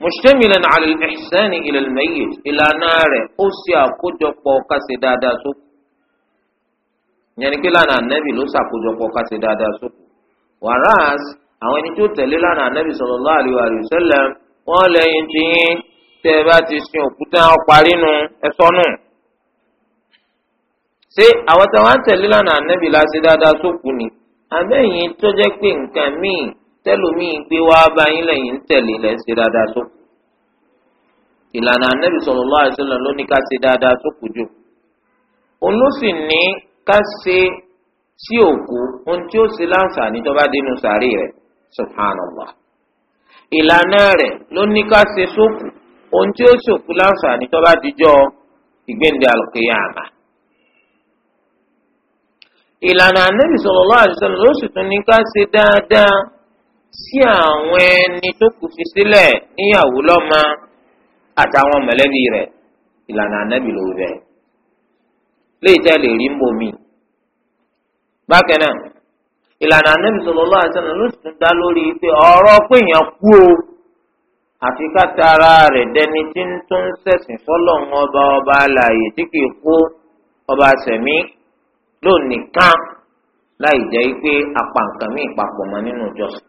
Speaker 1: mùsùlùmílẹ̀ àlè ẹ̀sẹ́ni ìlẹ̀lẹ́yẹ ìlànà rẹ̀ ó ṣe àkójọpọ̀ kásẹ̀ dáadáa sókù ìyẹn ni pé lánàá nẹ́bì ló ṣàkójọpọ̀ kásẹ̀ dáadáa sókù wàràs àwọn ẹni tó tẹ̀lé lánàá nẹ́bì sallallahu alaihi wasallam wọ́n lẹ́yìn tí yín tẹ́ ẹ bá ti sin òkúta ọparí nu ẹ̀sọ́ nù. ṣé àwọn táwọn tẹ̀lé lánàá nẹ́bì la tẹlomiin gbé wá báyìí lẹ́yìn ń tẹ̀lé lẹ́sẹ̀ dáadáa sókù ìlànà anabi sallallahu alaihi wasallam ló ní ká ṣe dáadáa sókù jù òun ló sì ní ká ṣe sí òkú ohun tí ó ṣe láǹfààní tó bá dénú sàárì rẹ̀ subhanallah ìlànà rẹ̀ ló ní ká ṣe sókù ohun tí ó ṣòkú láǹfààní tó bá dijọ́ ìgbéǹde al ìlànà anabi sallallahu alaihi wasallam ló sì tún ní ká ṣe dáadáa tí àwọn ẹni tó kù fi sílẹ̀ níyàwó lọ́mọ àtàwọn mọ̀lẹ́bí rẹ̀ ìlànà ànábì ló rẹ̀ léyìí tẹ́ lè rí mbomi. bákan náà ìlànà ànábì sallallahu alaihi wasallam ló tún dá lórí pé ọ̀rọ̀ pé èèyàn kú o àfi ká tara rẹ̀ dẹni tí ń tún ṣẹ̀sìn fọ́lọ̀ ń ọba ọba àlàyé tí kìí kó ọba sẹ̀mí lónìí kan láì jẹ́ pé apá nǹkan míì papọ̀ mọ́ nínú ìjọsìn.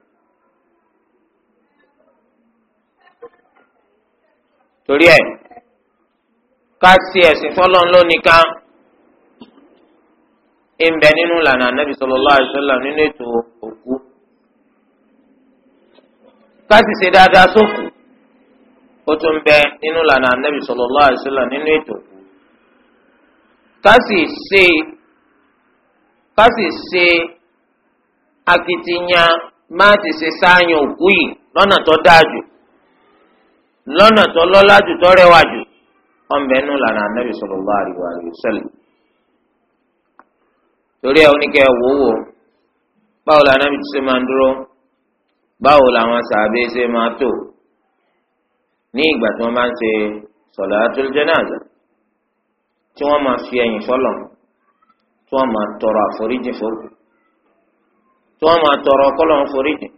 Speaker 1: torí ẹ̀ ká sí ẹ̀sìn fọlọ́n lónìkan ń bẹ nínú ìlànà nínú ètò òkú ká sì ṣe dáadáa sókù ó tún ń bẹ nínú ìlànà nínú ètò òkú ká sì ṣe ká sì ṣe akitiyan má ti ṣe sáàyàn òkú yìí lọ́nà tó dáa jù. lọ́nà tó lọ́lá jù tó rẹwà jù ọ̀nbẹ nù lànà anábì sallallahu alaihi wasallam. torí ẹ oníkẹ́ wò wò báwo lànà bí ti ṣe máa ń dúró báwo làwọn sàbẹ̀ ṣe máa tò ní ìgbà tí wọ́n máa ń ṣe salatul janaza tí wọ́n máa fi ẹ̀yìn sọ́lọ̀ tí wọ́n máa tọrọ àforíjì fòrò tí wọ́n máa tọrọ kọ́lọ́n foríjì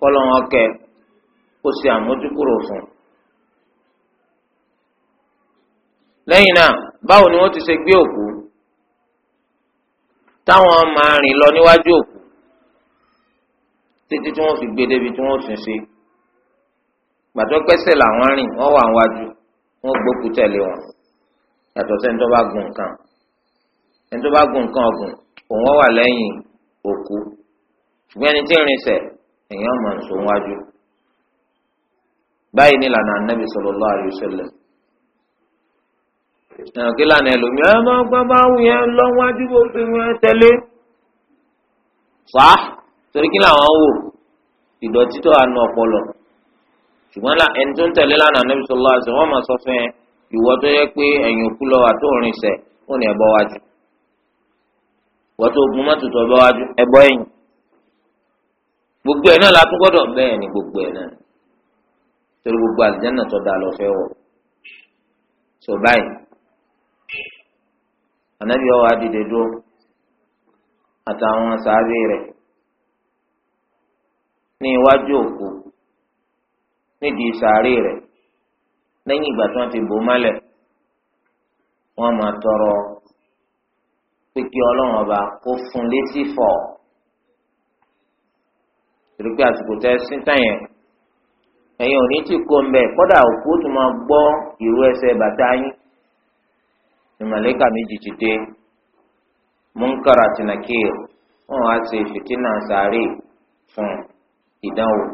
Speaker 1: kọ́lọ́n ọkẹ́ kó ṣe àmójúkúrò fún un. lẹ́yìn náà báwo ni wọ́n ti ṣe gbé òkú táwọn máa rìn lọ níwájú òkú títí tí wọ́n fi gbé débi tí wọ́n sùn sí gbàtọ́ pẹ́sẹ̀ làwọn rìn wọ́n wà wájú wọ́n gbókú tẹ̀lé wọn yàtọ̀ sẹ́ni tó bá gun nǹkan ẹni tó bá gun nǹkan ọ̀gùn òun wà lẹ́yìn òkú ṣùgbọ́n ẹni tí ń rinsẹ̀ èèyàn mọ̀ nsọ wájú báyìí ní ìlànà anabi sallallahu alaihi wasallam kí lànà ẹlòmíràn ẹ máa gbọ́ bá wù yẹn lọ́wájú bó fi wọn tẹ́lẹ̀ fà á torí kí làwọn wò ìdọ̀tí tó àánú ọpọlọ ṣùgbọ́n ẹni tó ń tẹ̀lé lánàá anabi sallallahu alaihi wasallam wọ́n máa sọ fún ẹ ìwọ tó yẹ pé ẹ̀yìn òkú lọ́wọ́ àtòrin sẹ̀ ó ní ẹ̀bọ wájú ìwọ tó gun mọ́tò tó ẹ̀bọ wájú ẹ̀bọ ẹ̀yìn gbogbo ẹ̀ náà látúgbọ́dọ̀ bẹ́ẹ̀ ni gbogbo ẹ̀ náà torí gbogbo àlùjáná tó dáa lọ fẹ́ wọ̀ so báyìí ànábì ọwọ́ adìde dúró àtàwọn sàábì rẹ̀ ní iwájú òkú nídìí sàárì rẹ̀ lẹ́yìn ìgbà tí wọ́n ti bò mọ́lẹ̀ wọ́n máa tọrọ pé kí ọlọ́run ọba kó fún létí fọ̀ torí pé àsìkò tẹ́ sí tán yẹn. ẹ̀yin ò ní tí kó ń bẹ̀ kọ́dà òkú tó máa gbọ́ ìró ẹsẹ̀ bàtà yín ní méjì ti dé munkar àti wọn wá fìtínà sàárè fún ìdánwò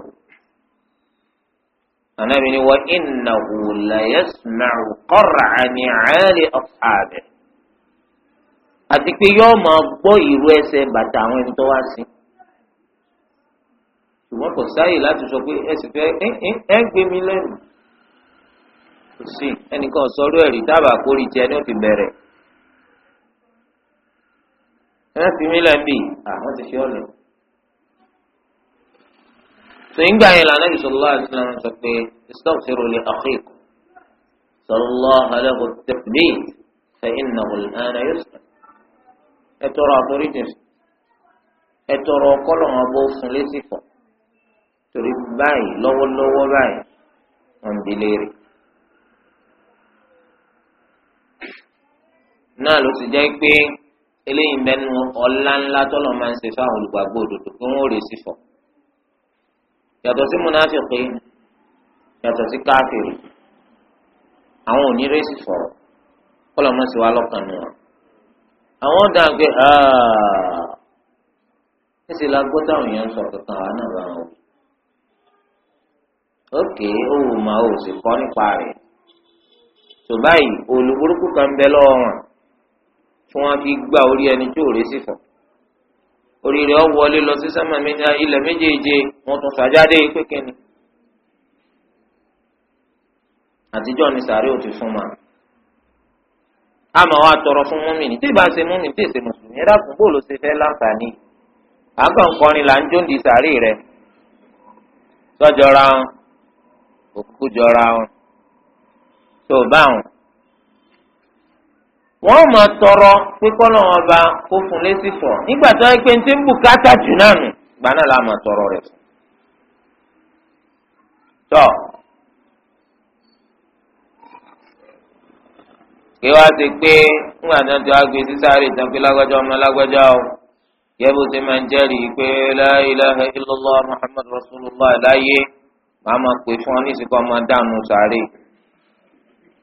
Speaker 1: anabi ni wa la ni ali ashabi àti pé pe máa ma ìró iru bàtà bata ẹni tó si. ṣùgbọ́n kò sáàyè láti sọ pé ẹ sì fẹ́ ẹ ń gbé mi lẹ́nu kò sí ẹnìkan sọ̀rọ̀ ẹ̀rí dábàá kórìí jẹ ní òfin bẹ̀rẹ̀ ẹ fi mí lẹ́bi àwọn ti fi ọ̀ lẹ̀ sèyíngbà yẹn lànà bisalòlá àdìsílẹ̀ náà sọ pé stop zero lè àkíkù sọlọ́ aláàbò tẹ̀lé fẹ̀yìn nàbọ̀ lẹ́nà yóò sọ ẹ tọrọ àforíjì ẹ tọrọ ọkọlọ́wọ́n bó fún létí fọ̀ torí báyìí lọ́wọ́lọ́wọ́ báyìí wọ́n ń bi léèrè. náà ló ti jẹ́ pé eléyìí ń bẹnu ọ̀la ńlá tọ́lọ̀ máa ń ṣe fáwọn olùgbàgbọ́ òdodo pé wọ́n ò rè sí fọ̀. yàtọ̀ sí múnáfìkì yàtọ̀ sí káfíìrì àwọn ò ní rè sí fọ̀ kọ́lọ̀ mọ́ sí wa lọ́kàn nù wọn. àwọn dàn pé ẹ̀sìn la gbọ́ táwọn èèyàn ń kankan àwa náà bá wọn wò ókè òwò mà ò sì kọ́ nípa rẹ̀ tó báyìí olùburúkú kan bẹ lọ́wọ́ wọn tí wọ́n fi gba orí ẹni tí ò rí sí fún orí rẹ̀ ọ wọlé lọ sí sánmà ilẹ̀ méjèèje wọ́n tún sàjáde pékinni àtijọ́ ni sàárẹ̀ ò ti fún ma àmọ́ wa tọrọ fún mùmínì tí ìbá ṣe mùmínì tí èsè mùsùlùmí ẹ̀rọ àgùnbó ṣe fẹ́ láǹfààní àgànkọrin là ń jó sàárẹ̀ rẹ̀ sọ́jọ́ra wọn. okuku jọra wọn tó báwọn. wọ́n mọ tọrọ náà wọn bá kó fún lésì fọ nígbà tó yẹ pé ntí ń bùkátà jù náà nù gbà náà la mọ tọrọ rẹ̀ tọ́ kí wá ti pé ńgbà sísáré lágbájá ọmọ lágbájá o yẹ bó ti máa ń jẹ́rìí pé màá máa pè fún ọ ní ìsìnkú ọmọ dànù sàárè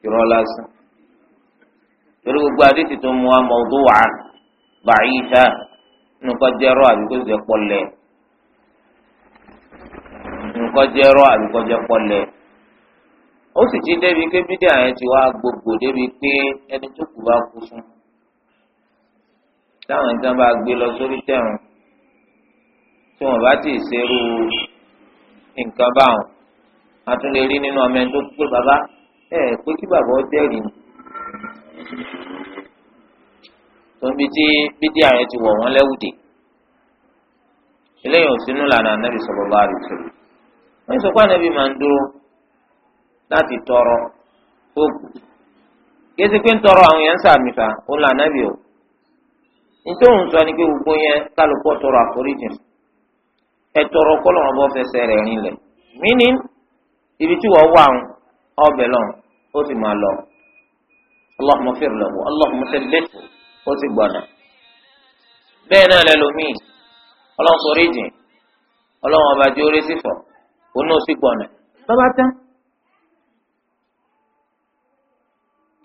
Speaker 1: irọ́ lásán torí gbogbo àdìsí tó mú wa mawdu'a da'ifa nǹkan jẹ́rọ́ àbíkó jẹ́ pọ́lẹ̀ nǹkan jẹ́rọ́ àbíkó jẹ́ pọ́lẹ̀ ó sì ti débi pé bídíà yẹn ti wá gbogbo débi pé ẹni tó kù bá kú fún táwọn nǹkan gbé lọ sórí tẹ̀rùn tí wọ́n bá ti ṣerú nǹkan báwọn a tún lè rí nínú ọmọ ẹni tó pé bàbá ẹ pé kí bàbá ọ jẹ́rìí tóbi tí bídíà rẹ ti wọ̀ wọ́n lẹ́wùdì eléyìí ò sínú lànà anábì sallallahu alaihi wasallam wọ́n sọ pé anábì máa ń dúró láti tọrọ oògùn yéésì pé ń tọrọ àwọn yẹn ń sàmì fa òun lànà bí o nítorí òun sọ ni pé gbogbo yẹn kálukọ́ tọrọ àforíjì ẹtọrọ kọlọ wọn bọ fẹsẹ̀ rẹ̀ rinlẹ̀ mini ibi tí wọn wà ọbẹ lọ ó sì máa lọ Allahumma fir lahu Allahumma thabbithu ó sì gbọdọ bẹ́ẹ̀ náà lẹ lómìn Ọlọ́run sọ̀rọ̀ ìjìn Ọlọ́run ọba jẹ orí sífọ òun náà sì gbọdọ bàbá tán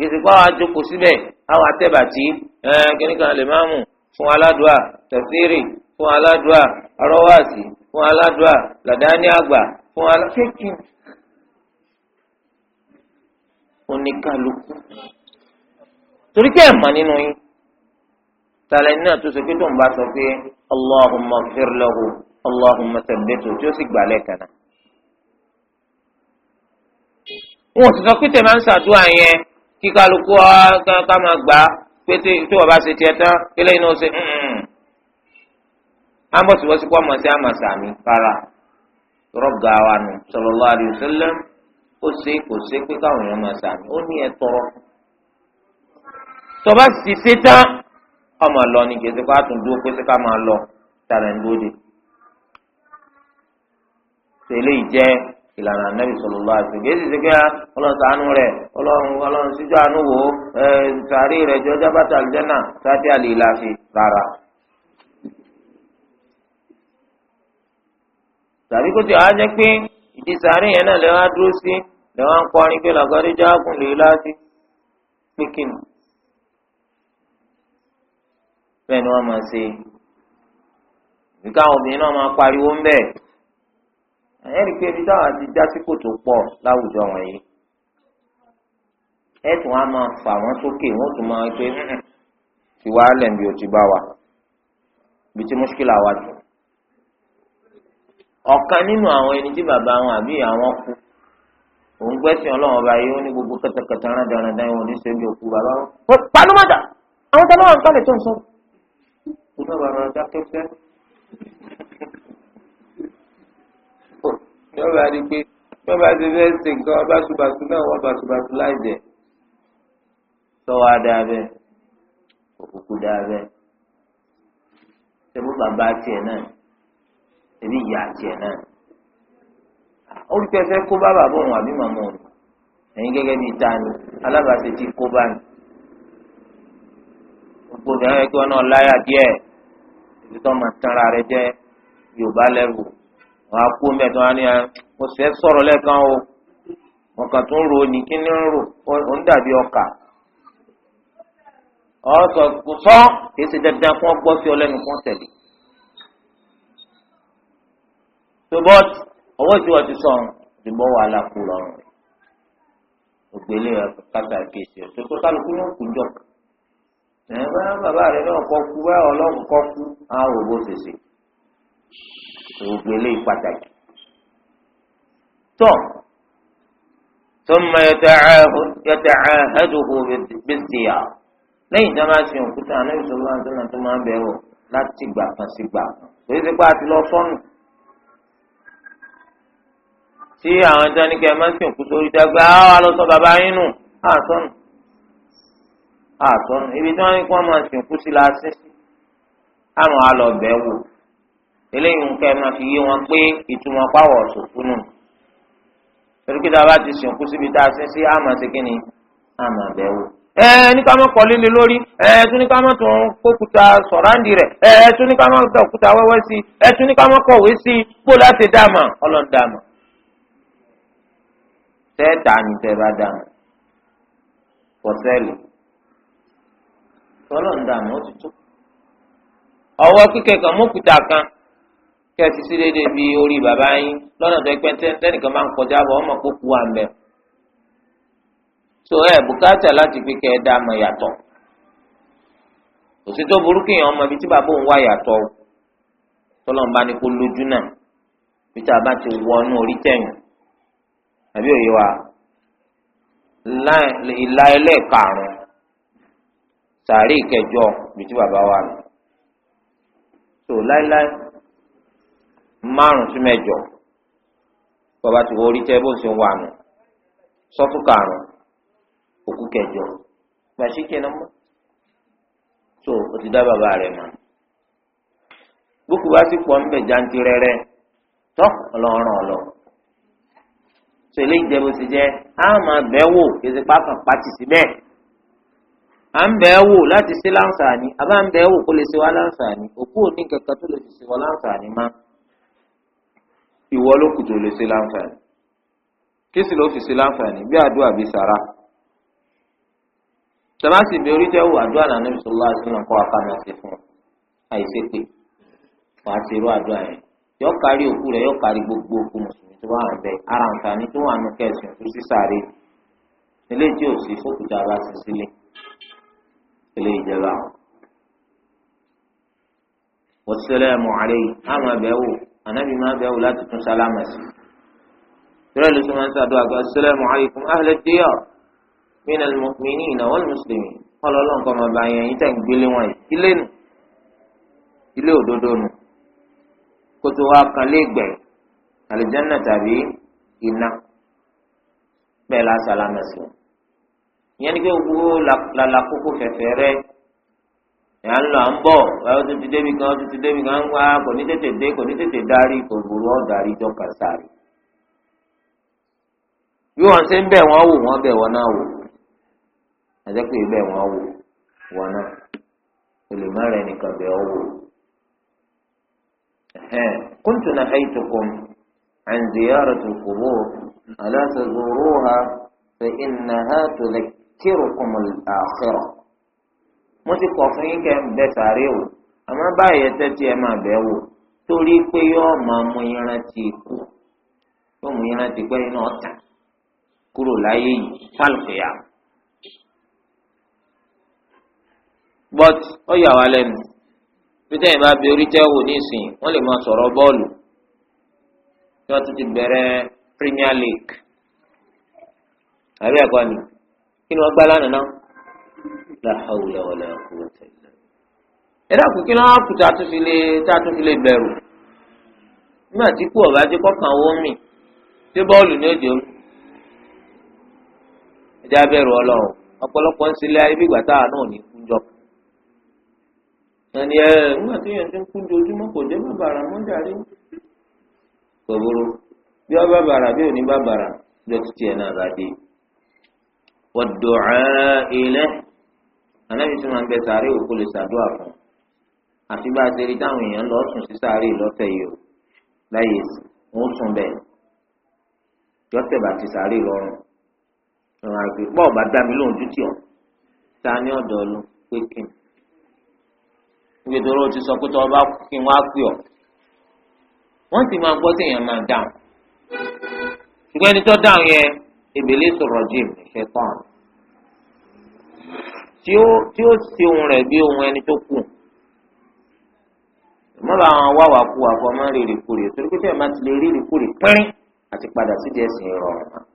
Speaker 1: ìsìnkú àwọn àjòkò síbẹ̀ àwọn àtẹ̀bàtì ẹ̀ kíníkan lè máàmù fún aládùá tẹ̀síìrì fún aládùá arọ́wàsí fún aládùá làdáni àgbà fún alákẹ́kẹ́ oníkàlùkù torí kí ẹ mọ̀ nínú yín tààlà iná tó ṣe pé tó ń bá sọ pé allahumma ighfir lahu allahumma thabbithu tí ó sì gbà lẹ́ẹ̀kan náà. wọn ò sì sọ pé tẹ̀ máa ń ṣàdúrà yẹn kí kálukú ká máa gbà pé tí wọ́n bá ṣe tiẹ̀ tán kí lẹ́yìn náà ó ṣe ambọ̀sibọ́sí kọ́ màsí àmàsàmì rárá rọ́gà wa nù sallallahu alaihi wasallam ó ṣe kò ṣe pé káwọn èèyàn máa sàmì ó ní ẹ tọrọ tọba sì ṣe tán ọmọ lọ ní kí ẹ ti kó àtúndúró pé ṣé ká máa lọ tààrà ń lóde tẹlẹ ìjẹ ìlànà anabi sọlọ àti ìgbésí sí pé ọlọ́run ṣàánú rẹ̀ ọlọ́run ọlọ́run síjọ àánú wò ó ẹ sàárì rẹ̀ jọjá bàtà àlùjẹ náà lè láfi rárá. tàbí kó ti wá jẹ́ pé ìdí sàárè yẹn náà lẹ́wọ́n á dúró sí lẹ́wọ́n á ń kọrin pé lọ́gọ́dé jágùn lè láti pé kí ni. bẹ́ẹ̀ ni wọ́n máa ṣe bí káwọn obìnrin náà máa pariwo ń bẹ̀. ẹ̀yẹ́ rí i pé ibi táwọn àti já sí kòtò pọ̀ láwùjọ wọ̀nyí. ẹ̀ tún á máa fà wọ́n sókè wọ́n tún máa pé tiwa lẹ́ǹdí ò ti bá wa bí tí mùṣkílà wà jù ọ̀kan nínú àwọn ẹni tí bàbá wọn àbí àwọn kú òun gbẹ́sìn ọlọ́run ọba yìí ó ní gbogbo kẹtẹkẹtẹ rán dandan ìwọ̀n ní sẹ́mi òkú bàbá wọn. palumada àwọn tẹ́lẹ̀ wọn tọ́lẹ̀ tó ń sọ. ìgbà bàbá ọjà kẹfẹ́. yọba rí i pé yọba ti fẹ́ ṣe nǹkan ọba ṣùbàṣù náà wọ́n bàṣùbàṣù láì jẹ́. sọ́wọ́ adá bẹ́ẹ̀ òkùnkùn dá bẹ́ẹ̀. ṣé bó bàbá tiẹ̀ náà ṣebí ìyá àti ẹ̀ náà ó rí pẹ́fẹ́ kó bá bàbá òun àbí màmá òun ẹ̀yin gẹ́gẹ́ bíi ta ni alábàáṣe ti kó bá ní gbogbo ìdáhùn ẹgbẹ́ wọn náà láyà díẹ̀ ibi tó máa tán ara rẹ jẹ́ yorùbá lẹ́rù wọn á kó mẹ́tọ́ wọn á ní ah, mo fẹ́ sọ̀rọ̀ lẹ́ẹ̀kan o wọn kàn tún ro ní kí ni ń rò ó ń dàbí ọkà ọ̀sọ̀ kò sọ́ kì í ṣe dandan kí wọ́n gbọ́ sí ọ tẹ̀lé. so but owó tí wọ́n ti sọ̀rùn ìdìbò wà lápò lọ́rùn gbogbo ilé ẹ̀kọ́ kátà kéṣe ẹ̀ tó kálukú yóò kú jọ ẹ̀ bá bàbá rẹ̀ náà kọ́ kú bá ọlọ́run kọ́ kú á wò bó ṣe ṣe gbogbo ilé pàtàkì tó ثم يتعاهده tí a máa ṣe òkúta ànábìsọ̀rọ̀ àti ọ̀nà tó máa bẹ̀rù láti gbà kan sí gbà kan kò sí pé a lọ sọ́nù tí àwọn tí wọn ní kí ẹ máa ń sìn kú sórí dágbé àwọn alọsọ bàbá yín nù àtọnù àtọnù ibi tí wọn ní kí wọn máa sìn kú sí la sí sí àrùn alọbẹ wò eléyìí nǹkan ẹ máa fi yé wọn pé ìtumọ̀ pàwọ̀ ṣòfò nù torí bá ti sìn kú síbi tá a sí sí àmọ̀ sí kí ni àmọ̀ bẹ̀ wò. ẹ ẹ ní ká má kọ́lé lé lórí ẹ ẹ tún ní ká má tún kókúta sọ̀ráǹdì rẹ̀ ẹ ẹ tún ní ká má tún kókúta wẹ́wẹ́ sí ẹ tún ní ká má kọ̀wé sí kó láti dá àmà tẹ́ẹ̀tà ni tẹ́ẹ̀ bá dànù pọ̀sẹ́ẹ̀lì tọ́lọ̀ ń dànù ó ti tó. ọwọ́ kíkẹ́ kan mọ́kúta kan kẹ́sì sí déédéé bíi orí bàbá yín lọ́nà tó pẹ́ tẹ́nìkan máa ń so ẹ bùkátà láti fi kẹ́ ẹ dá ọmọ yàtọ̀ òsì tó burúkú yẹn ọmọ ibi tí bàbá òun wá yàtọ̀ tọ́lọ̀ ń bá ní kó lójú náà bí a bá ti wọ inú àbí òye wa ìlà ẹlẹ́ẹ̀karùn sàárì ìkẹjọ bìtú bàbá wa mi tó láéláé márùn sí mẹ́jọ bàbá tí wọ́n rí tẹ́ bó ń ṣe ń wà nù sọ́tún karùn òkú kẹjọ gbàṣí kẹna mọ́ tó o ti dá bàbá rẹ̀ mọ́ gbókùbá sì pọ̀ ń bẹ̀ jántì rẹ́rẹ́ tọ́ ọlọ́run ọlọ́run so eléyìí jẹ bó ti jẹ á máa bẹ́ẹ̀ wò kèsì pákàn pàtì síbẹ̀ à ń bẹ́ẹ̀ wò láti ṣe láǹfààní àbá ń bẹ́ẹ̀ wò kó lè ṣe wá láǹfààní òkú òní kankan tó lè fi ṣe wá láǹfààní má ìwọ ló kù tó lè ṣe láǹfààní kí sì ló fi ṣe láǹfààní bí àdúrà bí sàrà tẹmásì bí orí jẹ́wọ́ àdúrà nàní bisalòlá àti nàkọ́ àkànnà ṣe fún ọ àìsèpè wàá ti rú àdúrà yẹn yọ kárí òkú rẹ̀ yọ kárí gbogbo òkú mùsùlùmí tó wà ń bẹ ara nǹkanì tó wà nù kẹsàn tó sì sáré ilé tí ò sí fókùtà bá ti sílé ilé ìjẹba wasalaamu alayhi ama bẹ̀wò anabi ma bẹ̀wò láti tún sálámà sí tẹ́lẹ̀ ló sọ́mọ́ sàdúrà pé asalaamu alaykum ahlẹ̀ díyà minal mu'minina wal muslimin kọ́lọ́lọ́ nǹkan ọmọ bá yẹn yín tẹ̀ ń gbélé wọn yìí ilé òdodo nù kótó wa kan lé gbẹ àlùjánnà tàbí iná bẹ́ẹ̀ la sàlámà sí i ìyẹn ni pé gbogbo làlà kókó fẹ̀fẹ̀ rẹ ìyá ń lọ à ń bọ̀ ọ tún ti débi kan ọ tún ti débi kan ń wá kò ní tètè dé kò ní tètè darí kò burú ọ̀ darí jọ kà sáré bí wọ́n ṣe ń bẹ̀ wọ́n wò wọ́n bẹ̀ wọ́n náà wò àjẹpẹ́ bẹ̀ wọ́n wò wọ́n náà olùmọ̀rẹ́ nìkan bẹ̀ ọ́ wò. كنت نهيتكم عن زيارة القبور ألا تزوروها فإنها تذكركم الآخرة mo ti kọ̀ fún yín kẹ́ ń bẹ sàárè o àmọ́ báyìí tẹ́tí ẹ máa bẹ̀ wò torí pé yóò máa mú yín rántí ikú yóò mú yín rántí pé iná ọ̀tà kúrò láyé yìí fálùkìyà. but ó yà wá lẹ́nu pété yìí máa bẹ orí tẹ́ wò nísìnyí wọ́n lè máa sọ̀rọ̀ bọ́ọ̀lù tí wọ́n tún ti bẹ̀rẹ̀ Premier League àbí ẹ̀kọ́ la kí ni wọ́n á kú tá a tún fi lè tá a tún fi lè bẹ̀rù nígbà tí kú ọ̀bá jẹ́ kọ́kàn owó mì ṣé bọ́ọ̀lù ni omi ẹ̀dá bẹ̀rù ọlọ́run ọ̀pọ̀lọpọ̀ ń sílẹ̀ ẹni ẹ nígbà tí yẹn ti ń kú dojúmọ́ kò dé bàbàrà mọ́ jàre kò burú bí wọ́n bàbàrà bí òní bàbàrà jọ ti tiẹ̀ náà bá dé wọ́n dọ̀ọ́ ilẹ̀ anábì tí wọ́n bẹ sàárè òkú lè ṣàdúrà fún àfi bá a ṣe rí táwọn èèyàn lọ sùn sí sàárè lọ́tẹ̀ yìí o láyé wọ́n sùn bẹ́ẹ̀ yọ́tẹ̀ bá ti sàárè lọ́rùn ọ̀rọ̀ àgbẹ̀ pọ̀ bá dá mi lóhùn dúkìá ta ní ọ̀dọ́ ló pé kí n níbi tó lóò ti sọ pé tó ọba kí wọ́n á pè ọ́ wọ́n sì máa gbọ́ téèyàn máa dáhùn ṣùgbọ́n ẹni tó dáhùn yẹn èbèlè sọ̀rọ̀ jìm ìfẹ́ tán tí ó tí ó ṣe ohun rẹ̀ bí ohun ẹni tó kù mọ́ra àwọn wáwà kú àfọ máa ń rí ìrìkúrè torí pé tẹ́ẹ̀ máa ti lè rí ìrìkúrè pẹ́rín àti padà sídìí ẹ̀sìn ìrọ̀rùn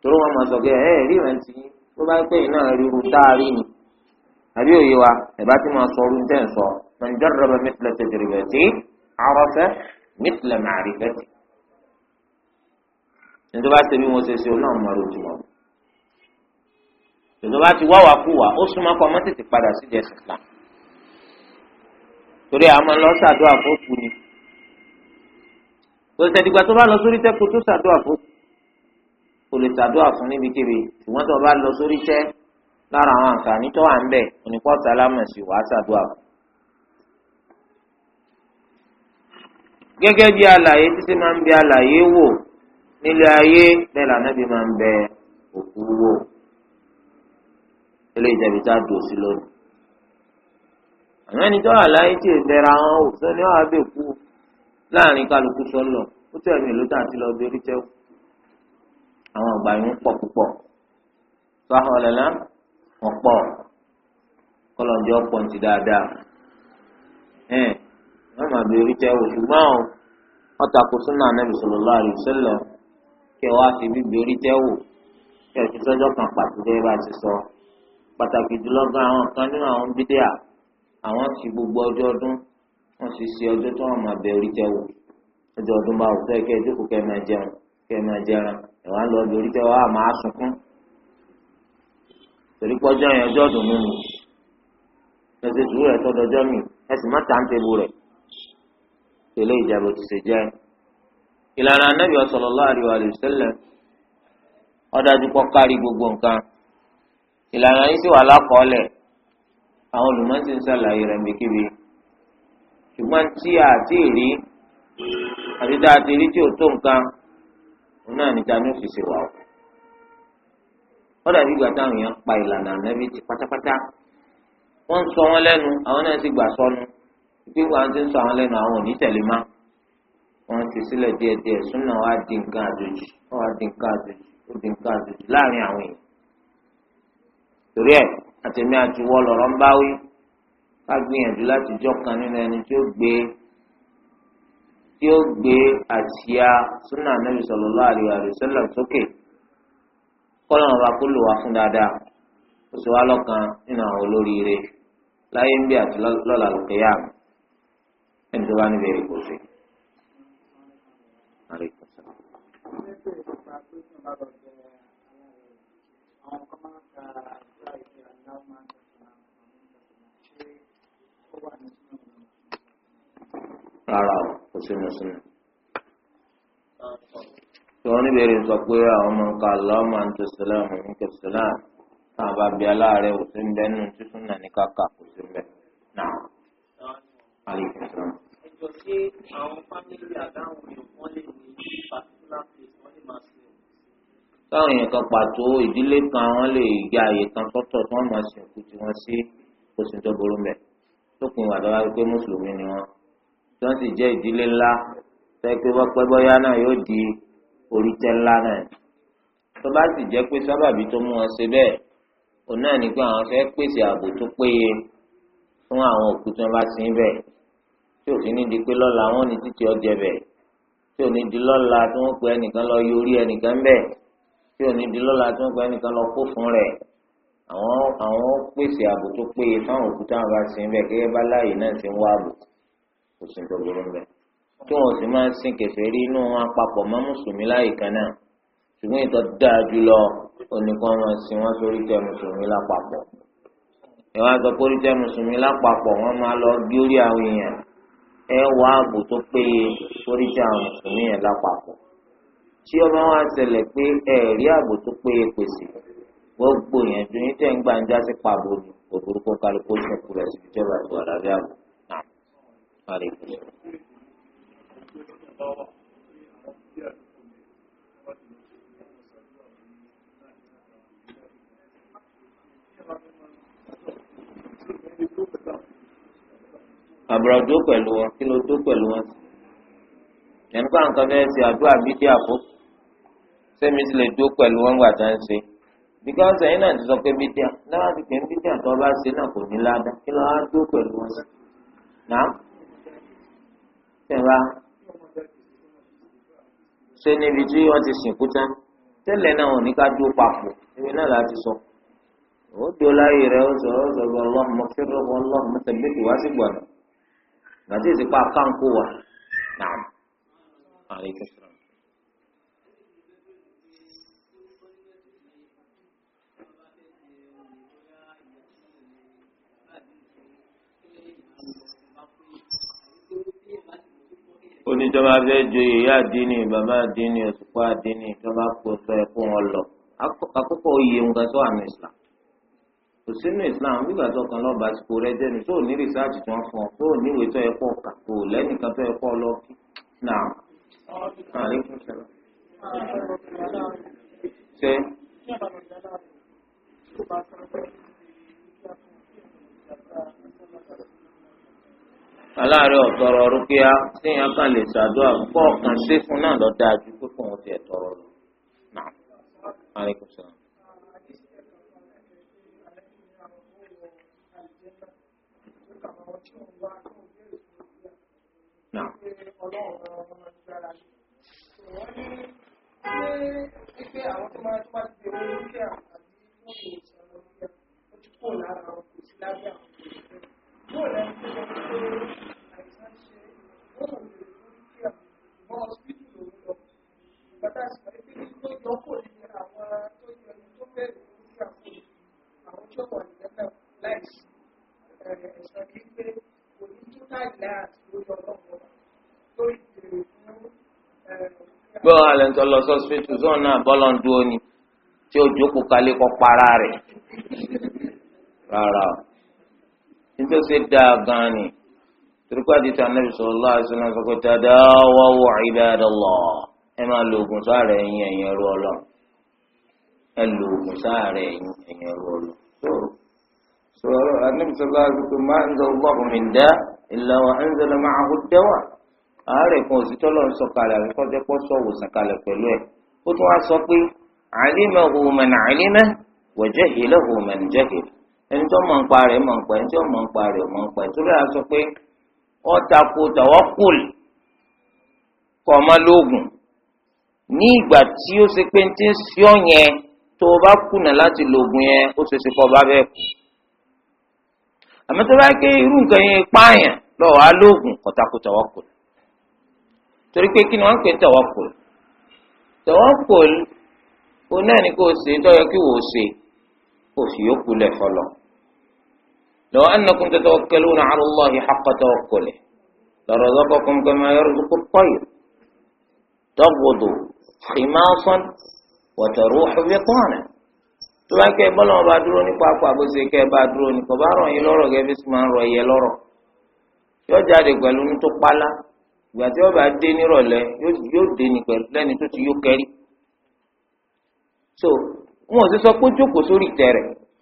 Speaker 1: torí wọ́n máa sọ pé ẹ̀ẹ́ rí ìrántí tó bá pẹ́ yìí náà ríru dáa rí ni àbí òye wa ẹ̀bá tí mo sọ ọdún tẹ̀ ń sọ man jarraba mithla tajribati arafa mithla ma'rifati. nítorí bá ṣe bí mo ṣe ṣe ọlọ́run mọ́ ló túmọ̀. ìjọba ti wá wa kú wa ó súnmọ́ kọ́ mọ́ tètè padà sí jẹ́ sìkà. torí àmọ́ lọ sàdúrà fókù ni. kò sẹ́dìgbà tó bá lọ sórí tẹ́kù tó sàdúrà fókù. kò lè sàdúrà fún níbikíbi ṣùgbọ́n tó bá lọ sórí tẹ́kù lára àwọn àǹfààní tó wà ń bẹ onípọ̀ sálámà sí wàá ṣàdúrà fún. gẹ́gẹ́ bí àlàyé títí máa ń bẹ àlàyé wò nílé ayé bẹ́ẹ̀ lànàbí máa ń bẹ òkú wò ilé ìjẹ̀bi tá a dùn sí lónìí. àwọn ẹni tó wà láyé tí ìlera wọn ò sọ ní wàá bẹ̀ kú láàrin kálukú sọlọ ó tẹ̀ mí ló tàn lọ bí orí tẹ́wọ́ àwọn ọgbà yìí pọ̀ púpọ̀ sọ àwọn ọ̀lẹ́lá wọn pọ̀ kọlọńjọ pọ̀ ní ti dáadáa ẹ wọn máa bẹ orí tẹwò ṣùgbọ́n wọn tako súnà anábì sallallahu alaihi wasallam kí ẹ wá fi bíbi orí tẹwò kí ẹ fi sọjọ kan pàtó bẹ́ẹ̀ bá ti sọ pàtàkì jùlọ gan àwọn kan nínú àwọn bídíà àwọn ti gbogbo ọjọ́ ọdún wọn sì ṣe ọjọ́ tí wọn máa bẹ orí tẹwò ọjọ́ ọdún bá wù fẹ kẹ ẹ jókòó kẹ ẹ máa jẹun kẹ ẹ máa jẹran ẹ wá lọ bẹ orí tẹwò á máa sunkún torí pọ́jọ́ yẹn ọjọ́ dùnú ni ẹsẹ̀ sùúrù rẹ̀ tọ́ dọjọ́ mi ẹsẹ̀ má ta ń tebu rẹ̀ tẹ̀lé ti ṣe jẹ́ ìlànà anábì sallallahu alaihi wasallam ọ̀dájú pọ̀ kárí gbogbo nǹkan ìlànà yìí sì wà lákọọ́lẹ̀ àwọn olùmọ̀ọ́sí ń ṣàlàyé rẹ̀ níbikíbi ṣùgbọ́n tí a ti rí àti tá a ti rí tí ò tó nǹkan òun náà níta ní òfìsè wà ó. wọ́n dàbí ìgbà táwọn èèyàn pa ìlànà ànábì ti pátápátá wọ́n ń sọ wọ́n lẹ́nu àwọn náà ti gbà sọnù ìpín wa ti ń sọ àwọn lẹ́nu àwọn òní tẹ̀lé má wọ́n ti sílẹ̀ díẹ̀díẹ̀ súnà wá di nǹkan àjòjì wọ́n wá di nǹkan àjòjì ó di nǹkan àjòjì láàrin àwọn èèyàn torí ẹ̀ àtẹ̀mí àtiwọ́ ń báwí ká gbìyànjú láti jọ́ kan nínú ẹni tí ó gbé tí ó gbé kọ́lọ́run bá kó lò wá fún dáadáa ó sì wá lọ́kàn nínú àwọn olóríire láyé ń bí àti lọ́la lókè yá mi ẹni tó bá níbi èrè kò sí. Rárá o, kò sí mùsùlùmí tí wọ́n níbèrè sọ pé àwọn ọmọ nǹkan aláwọ̀ àǹtò sàlámù nǹkẹ́ sàlámù náà bá bí aláàárẹ̀ ò sí ń bẹ́ nù tí súnà ní kàkà kò sí ń bẹ́ náà. aleykum salaam. ẹjọ ṣé àwọn fámìlì àdáhùn yòó wọn lè ní pàtúlà place wọn lè máa sìn. táwọn èèyàn kan pàtó ìdílé kan wọn lè ya àyè kan sọ́tọ̀ tí wọn máa sìn kú tiwọn sí kò sí tó burú mẹ lópin ìwà dáwà pé mùsùlùmí ni náà yóò di orí tẹ́ ńlá náà tó bá sì jẹ́ pé sábàbí tó mú wọn ṣe bẹ́ẹ̀ òun náà ní pé àwọn fẹ́ pèsè ààbò tó péye fún àwọn òkú tí wọ́n bá sin bẹ́ẹ̀ tí òfin ní di pé lọ́la wọn ní títí ọjẹ bẹ́ẹ̀ tí òní di lọ́la tí wọ́n pe ẹnìkan lọ yọ orí ẹnìkan bẹ́ẹ̀ tí òní di lọ́la tí wọ́n pe ẹnìkan lọ kó fún rẹ̀ àwọn àwọn pèsè ààbò tó péye fáwọn òkú tí wọ́n bá sin bẹ́ẹ̀ gẹ́gẹ́ bá láàyè náà ti ń wá ààbò kò sí ní tó burú bẹ́ẹ̀ kí wọn sì máa sin kèfèrí inú wọn papọ̀ mọ́ mùsùlùmí láyé kan náà ṣùgbọ́n ìtọ́ dáa jùlọ oníkan máa sin wọn sórí tẹ mùsùlùmí lápapọ̀ ẹ wá sọ pé orí tẹ mùsùlùmí lápapọ̀ wọn máa lọ bí orí àwọn èèyàn ẹ wá ààbò tó péye sórí tẹ àwọn mùsùlùmí yẹn lápapọ̀ tí ọba wa ṣẹlẹ̀ pé ẹ rí ààbò tó péye pèsè gbogbo yẹn ju yín tẹ̀ ń gbà sí pàbó ni òfurufú kálukú ṣẹkù rẹ̀ síbi tí ọba ìwà lábẹ́ ààbò náà lọ́wọ́ àbùrọ̀dó pẹ̀lú wọn kí ló dó pẹ̀lú wọn sí ẹni pa nǹkan fẹ́ ṣe àdúrà bídí àpò sẹ́mi ti lè dó pẹ̀lú wọn gbà tá ń ṣe bíkọ́sì ẹ̀yin náà ti sọ pé bídí à náà ti pè ń bídí àtọ́ bá ṣe náà kò ní ládàá kí ló wá dó pẹ̀lú wọn sí. nàá ṣe níbi tí wọ́n ti sìnkú tán tẹ́lẹ̀ náà òní ká dúró papọ̀ ibi náà láti sọ. ó dúró láyé rẹ̀ ó sọ̀rọ̀ sọ̀rọ̀ ọlọ́mọ fẹ́rẹ̀ ọlọ́mọ tẹ̀lé kò wá sí gbọ̀nà. gbàtí ìsìnkú àkáǹkó wà. Nàám. oníjọba fẹ́ joyè ìyá àdínì bàbá àdínì òṣùpá àdínì ìjọba kò sọ ẹ fún wọn lọ àkókò oyè nǹkan tó àmì islam kò sínú islam nígbà tó kan lọ́ọ́ bá ti kó rẹ jẹ́nu tó ní rìsáàjì tó ń fún ọ tó ní ìwé tó yẹ kó kà kó lẹ́nìkan tó yẹ kó lọ kí náà àlékún sẹ́lá. ṣé Thank you aláàárẹ̀ ọ̀tọ̀rọ̀ rúkìá téèyàn kan lè ṣàdúrà kọ́ ọ̀kan ṣe fún náà lọ dáa ju pé kò wọ́n ti ẹ̀ tọrọ lọ. Thank you yóò lẹ́yìn tó yẹ pé àìsàn ṣe òun lè fún kí àwọn ọ̀sìpìtì lòun gbọ́ alẹ́ ń tọ́ lọ sọ́sìpìtì zọ́ọ̀nù náà bọ́lọ̀ ń dúró ni tí ó jókòó kọ́ para rẹ̀ rárá o nítorí ṣe dáa gan ni turukú àdìsí anabi sallallahu alaihi wasallam sọ pé tadawaw ibadallah ẹ máa lo oògùn sáàrẹ ẹ̀yin ẹ̀yin ẹrú Ọlọ́run ẹ lo oògùn sáàrẹ ẹ̀yin ẹ̀yin ẹrú Ọlọ́run tó sọ̀rọ̀ anabi sallallahu alaihi wasallam ma anzalallahu min da' illa wa anzala ma'ahu ad ń sọ̀kalẹ̀ àríkọ́ jẹ́ pọ́ sọ̀wọ́ sàkalẹ̀ pẹ̀lú ẹ̀ ó tún wá sọ ẹni tó mọ̀ ń pa rẹ̀ mọ̀ ń pa ẹni tó mọ̀ ń pa rẹ̀ mọ̀ ń pa ìtúrẹ́ a sọ pé ọ̀tako tawakkul kọ́ ọmọ lóògùn ní ìgbà tí ó ṣe pé ti ń sọ yẹn tó o bá kùnà láti lòògùn yẹn ó ṣe ṣe kọ́ ọba bẹ́ẹ̀ kù àmọ́ tó bá ké irú nǹkan yẹn pààyàn lọ́wọ́ á lóògùn ọ̀tako tawakkul torí pé kí ni wọ́n ń pè tawakkul tawakkul òun náà ni kò ṣe tó kí wò ó ṣe kò sì yókù lẹ̀ fọlọ́ لو أنكم تتوكلون على الله حق توكله لرزقكم كما يرزق الطير تغض خماصا وتروح بطانا tọ́ba kẹ́ ẹ bọ́lá wọn bá dúró nípa apá àbòsí kẹ́ ẹ bá dúró nípa bá ràn yín lọ́rọ̀ gẹ́gẹ́ bí sì máa ń so wọn ò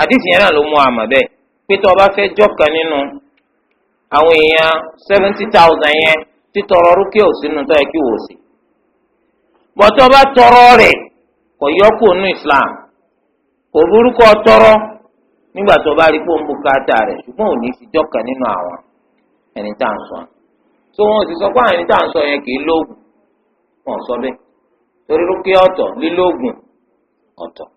Speaker 1: àdìsí yẹn náà ló mú àmà bẹ́ẹ̀ pé tó o fẹ́ jọ́kan nínú àwọn èèyàn seventy thousand yẹn títọrọ rúkẹ́ ò sínú tó yẹ kí wò sí. bọ́tọ́ bá tọrọ rẹ̀ kò yọkù nínú Islam kò burúkọ tọrọ nígbà tó bá rí pé ó ń bùkátà rẹ̀ ṣùgbọ́n ò ní fi jọ́kan nínú àwọn ẹni tá à ń sọ. tó wọn ò sì sọ pé àwọn ẹni tá à ń sọ yẹn kì í lóògùn wọn ò sọ bẹ́ẹ̀ torí rúkẹ́ ọ̀tọ̀ lílóògùn ọ̀tọ̀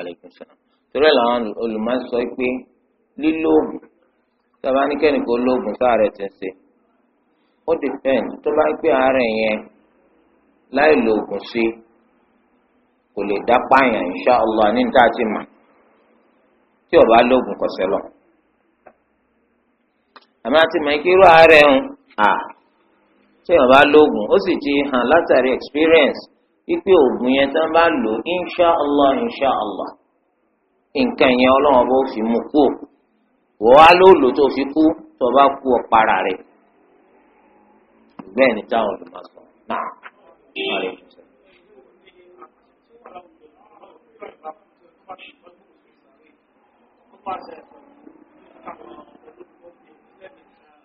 Speaker 1: alaikum salaam torí ẹ̀ làwọn olùmọ̀ sọ pé lílo oògùn sábà ní kẹ́nìkan olóògùn sáàrẹ̀ ti ń ṣe ó dìpẹ́ǹd tó bá ń pè àárẹ̀ yẹn láì lo oògùn sí kò lè dá páyàn insha Allah ní níta ti mà tí ó bá lóògùn kọ̀sẹ́ lọ. àmọ́ àti mọ̀ kí irú àárẹ̀ ń à tí ó lóògùn ó sì ti hàn látàrí experience ipe oògùn yẹn tí wọ́n bá lò insha allah insha allah nǹkan yẹn ọlọ́wọ́n bó fi mú kú wọ́n á ló lò tó fi kú tó bá kú ọ̀pára rẹ̀ bẹ́ẹ̀ ni táwọn olùmọ̀ sọ náà.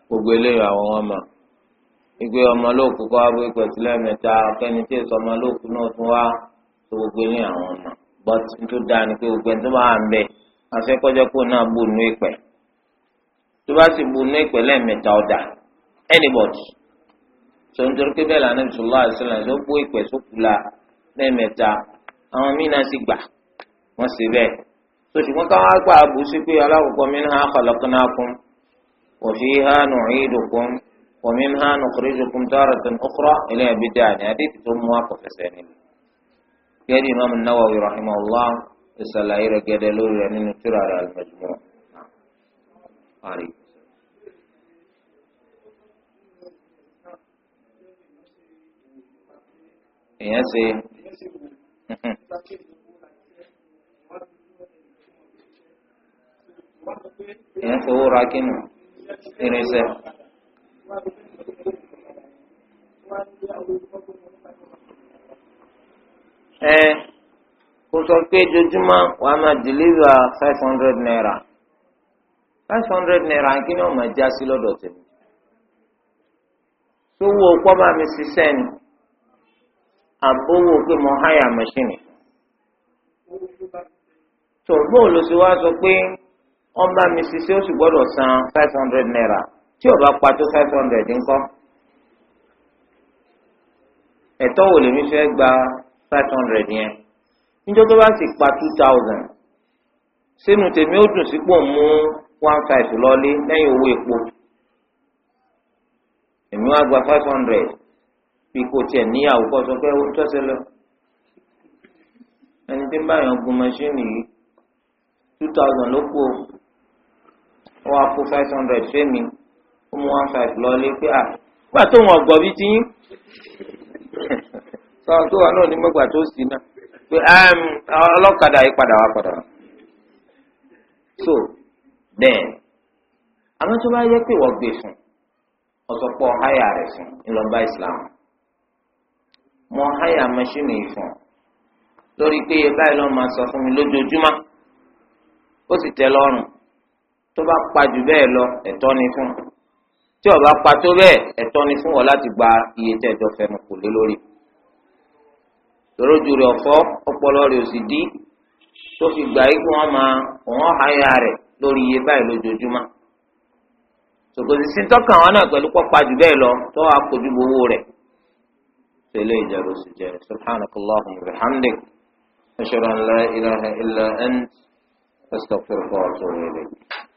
Speaker 1: gbogbo eléyìí àwọn ọmọ ìgbé ọmọlóòkú kọ́ abọ́ ìpè sílẹ̀ mẹ́ta ọ̀kẹ́ni tí èso ọmọlóòkú náà tún wá tó gbogbo ní àwọn ọ̀nà but n tó dáa ni pé gbogbo ẹni tó bá wà ń bẹ afẹ́kọ́jọ́ kó náà bù nú ìpè tó bá sì bù nú ìpè lẹ́ẹ̀mẹ́ta ọ̀dà anybody tó ń torí pé bẹ́ẹ̀ lànà ìṣòlá àṣìlẹ̀ tó bú ìpè sókùlà lẹ́ẹ̀mẹ́ta àwọn míì náà sì gbà wọ́n sì bẹ́ẹ̀ tó ṣùgbọ́n káwọn àgbà àbùsí pé alákòókò mi náà khalaqnakum wa fiha nu'idukum ومنها نخرجكم تارة أخرى إلى بدعة حديث ثم واقف سنين كان الإمام النووي رحمه الله يسأل عيرة جدلور يعني نترى على المجموع يا èèyàn يا èèyàn fowó ra يا irinṣẹ́. ẹ kò sọ pé jojúmọ́ wàá máa deliver five hundred naira five hundred naira kí ni wọ́n máa já sí lọ́dọ̀ tèmi sówó ọpọ́ bá mi ṣiṣẹ́ ni àbówó pé mo háyà tó bóun ló wá sọ pé wọ́n bá mi ṣiṣẹ́ ó san five hundred naira. tí o bá pa tó five hundred ńkọ́ ẹ̀tọ́ wo lèmi fẹ́ gba five hundred yẹn níjọ́ tó bá sì pa two thousand sínú tèmi ó dùn sípò mú one five lọ́lé lẹ́yìn owó epo èmi wá gba five hundred bí kò tiẹ̀ níyàwó kọ́ sọ pé ó ń tọ́sẹ̀ lọ ẹni tí ń gun mọ́ṣíìnì yìí two thousand ló kú o wọ́n kó five hundred fẹ́mi ó mú one five lọ lé pé à gbà tó wọn gbọ́ bí ti yín sọ tó wà náà ní mọ́gbà tó sì náà pé ọlọ́kadà yìí padà wá padà wá so then, àmọ́ tó bá yẹ pé wọ́n gbé fún ọ̀sọ̀pọ̀ háyà rẹ̀ fún ńlọ́ba Islam mọ háyà mẹ́ṣínì ìfọ̀n lórí pé báyìí lọ́ọ́ máa sọ fún mi lójoojúmọ́ ó sì tẹ́ lọ́rùn tó bá pa jù bẹ́ẹ̀ lọ ẹ̀tọ́ ni fún un tí ó bá pa tó bẹ́ẹ̀ ẹ̀tọ́ ni fún ọ láti gba iye tẹ́ ẹjọ́ fẹnu kò lé lórí lórójú rẹ̀ ọ̀fọ́ ọpọlọ rẹ̀ òsì dí tó fi gbà yí kí wọ́n máa òun ọ̀háyà rẹ̀ lórí iye báyìí lójoojúmọ́ sòkòtì sí tọ́kàn wọn náà pẹ̀lú pọ́pá jù bẹ́ẹ̀ lọ tó wàá kojú gbowó rẹ̀ tẹ́lẹ̀ ìjẹ́rù sì jẹ́ subhanakallahumma wa bihamdik ashhadu an la ilaha illa ant astaghfiruka wa atubu ilayk.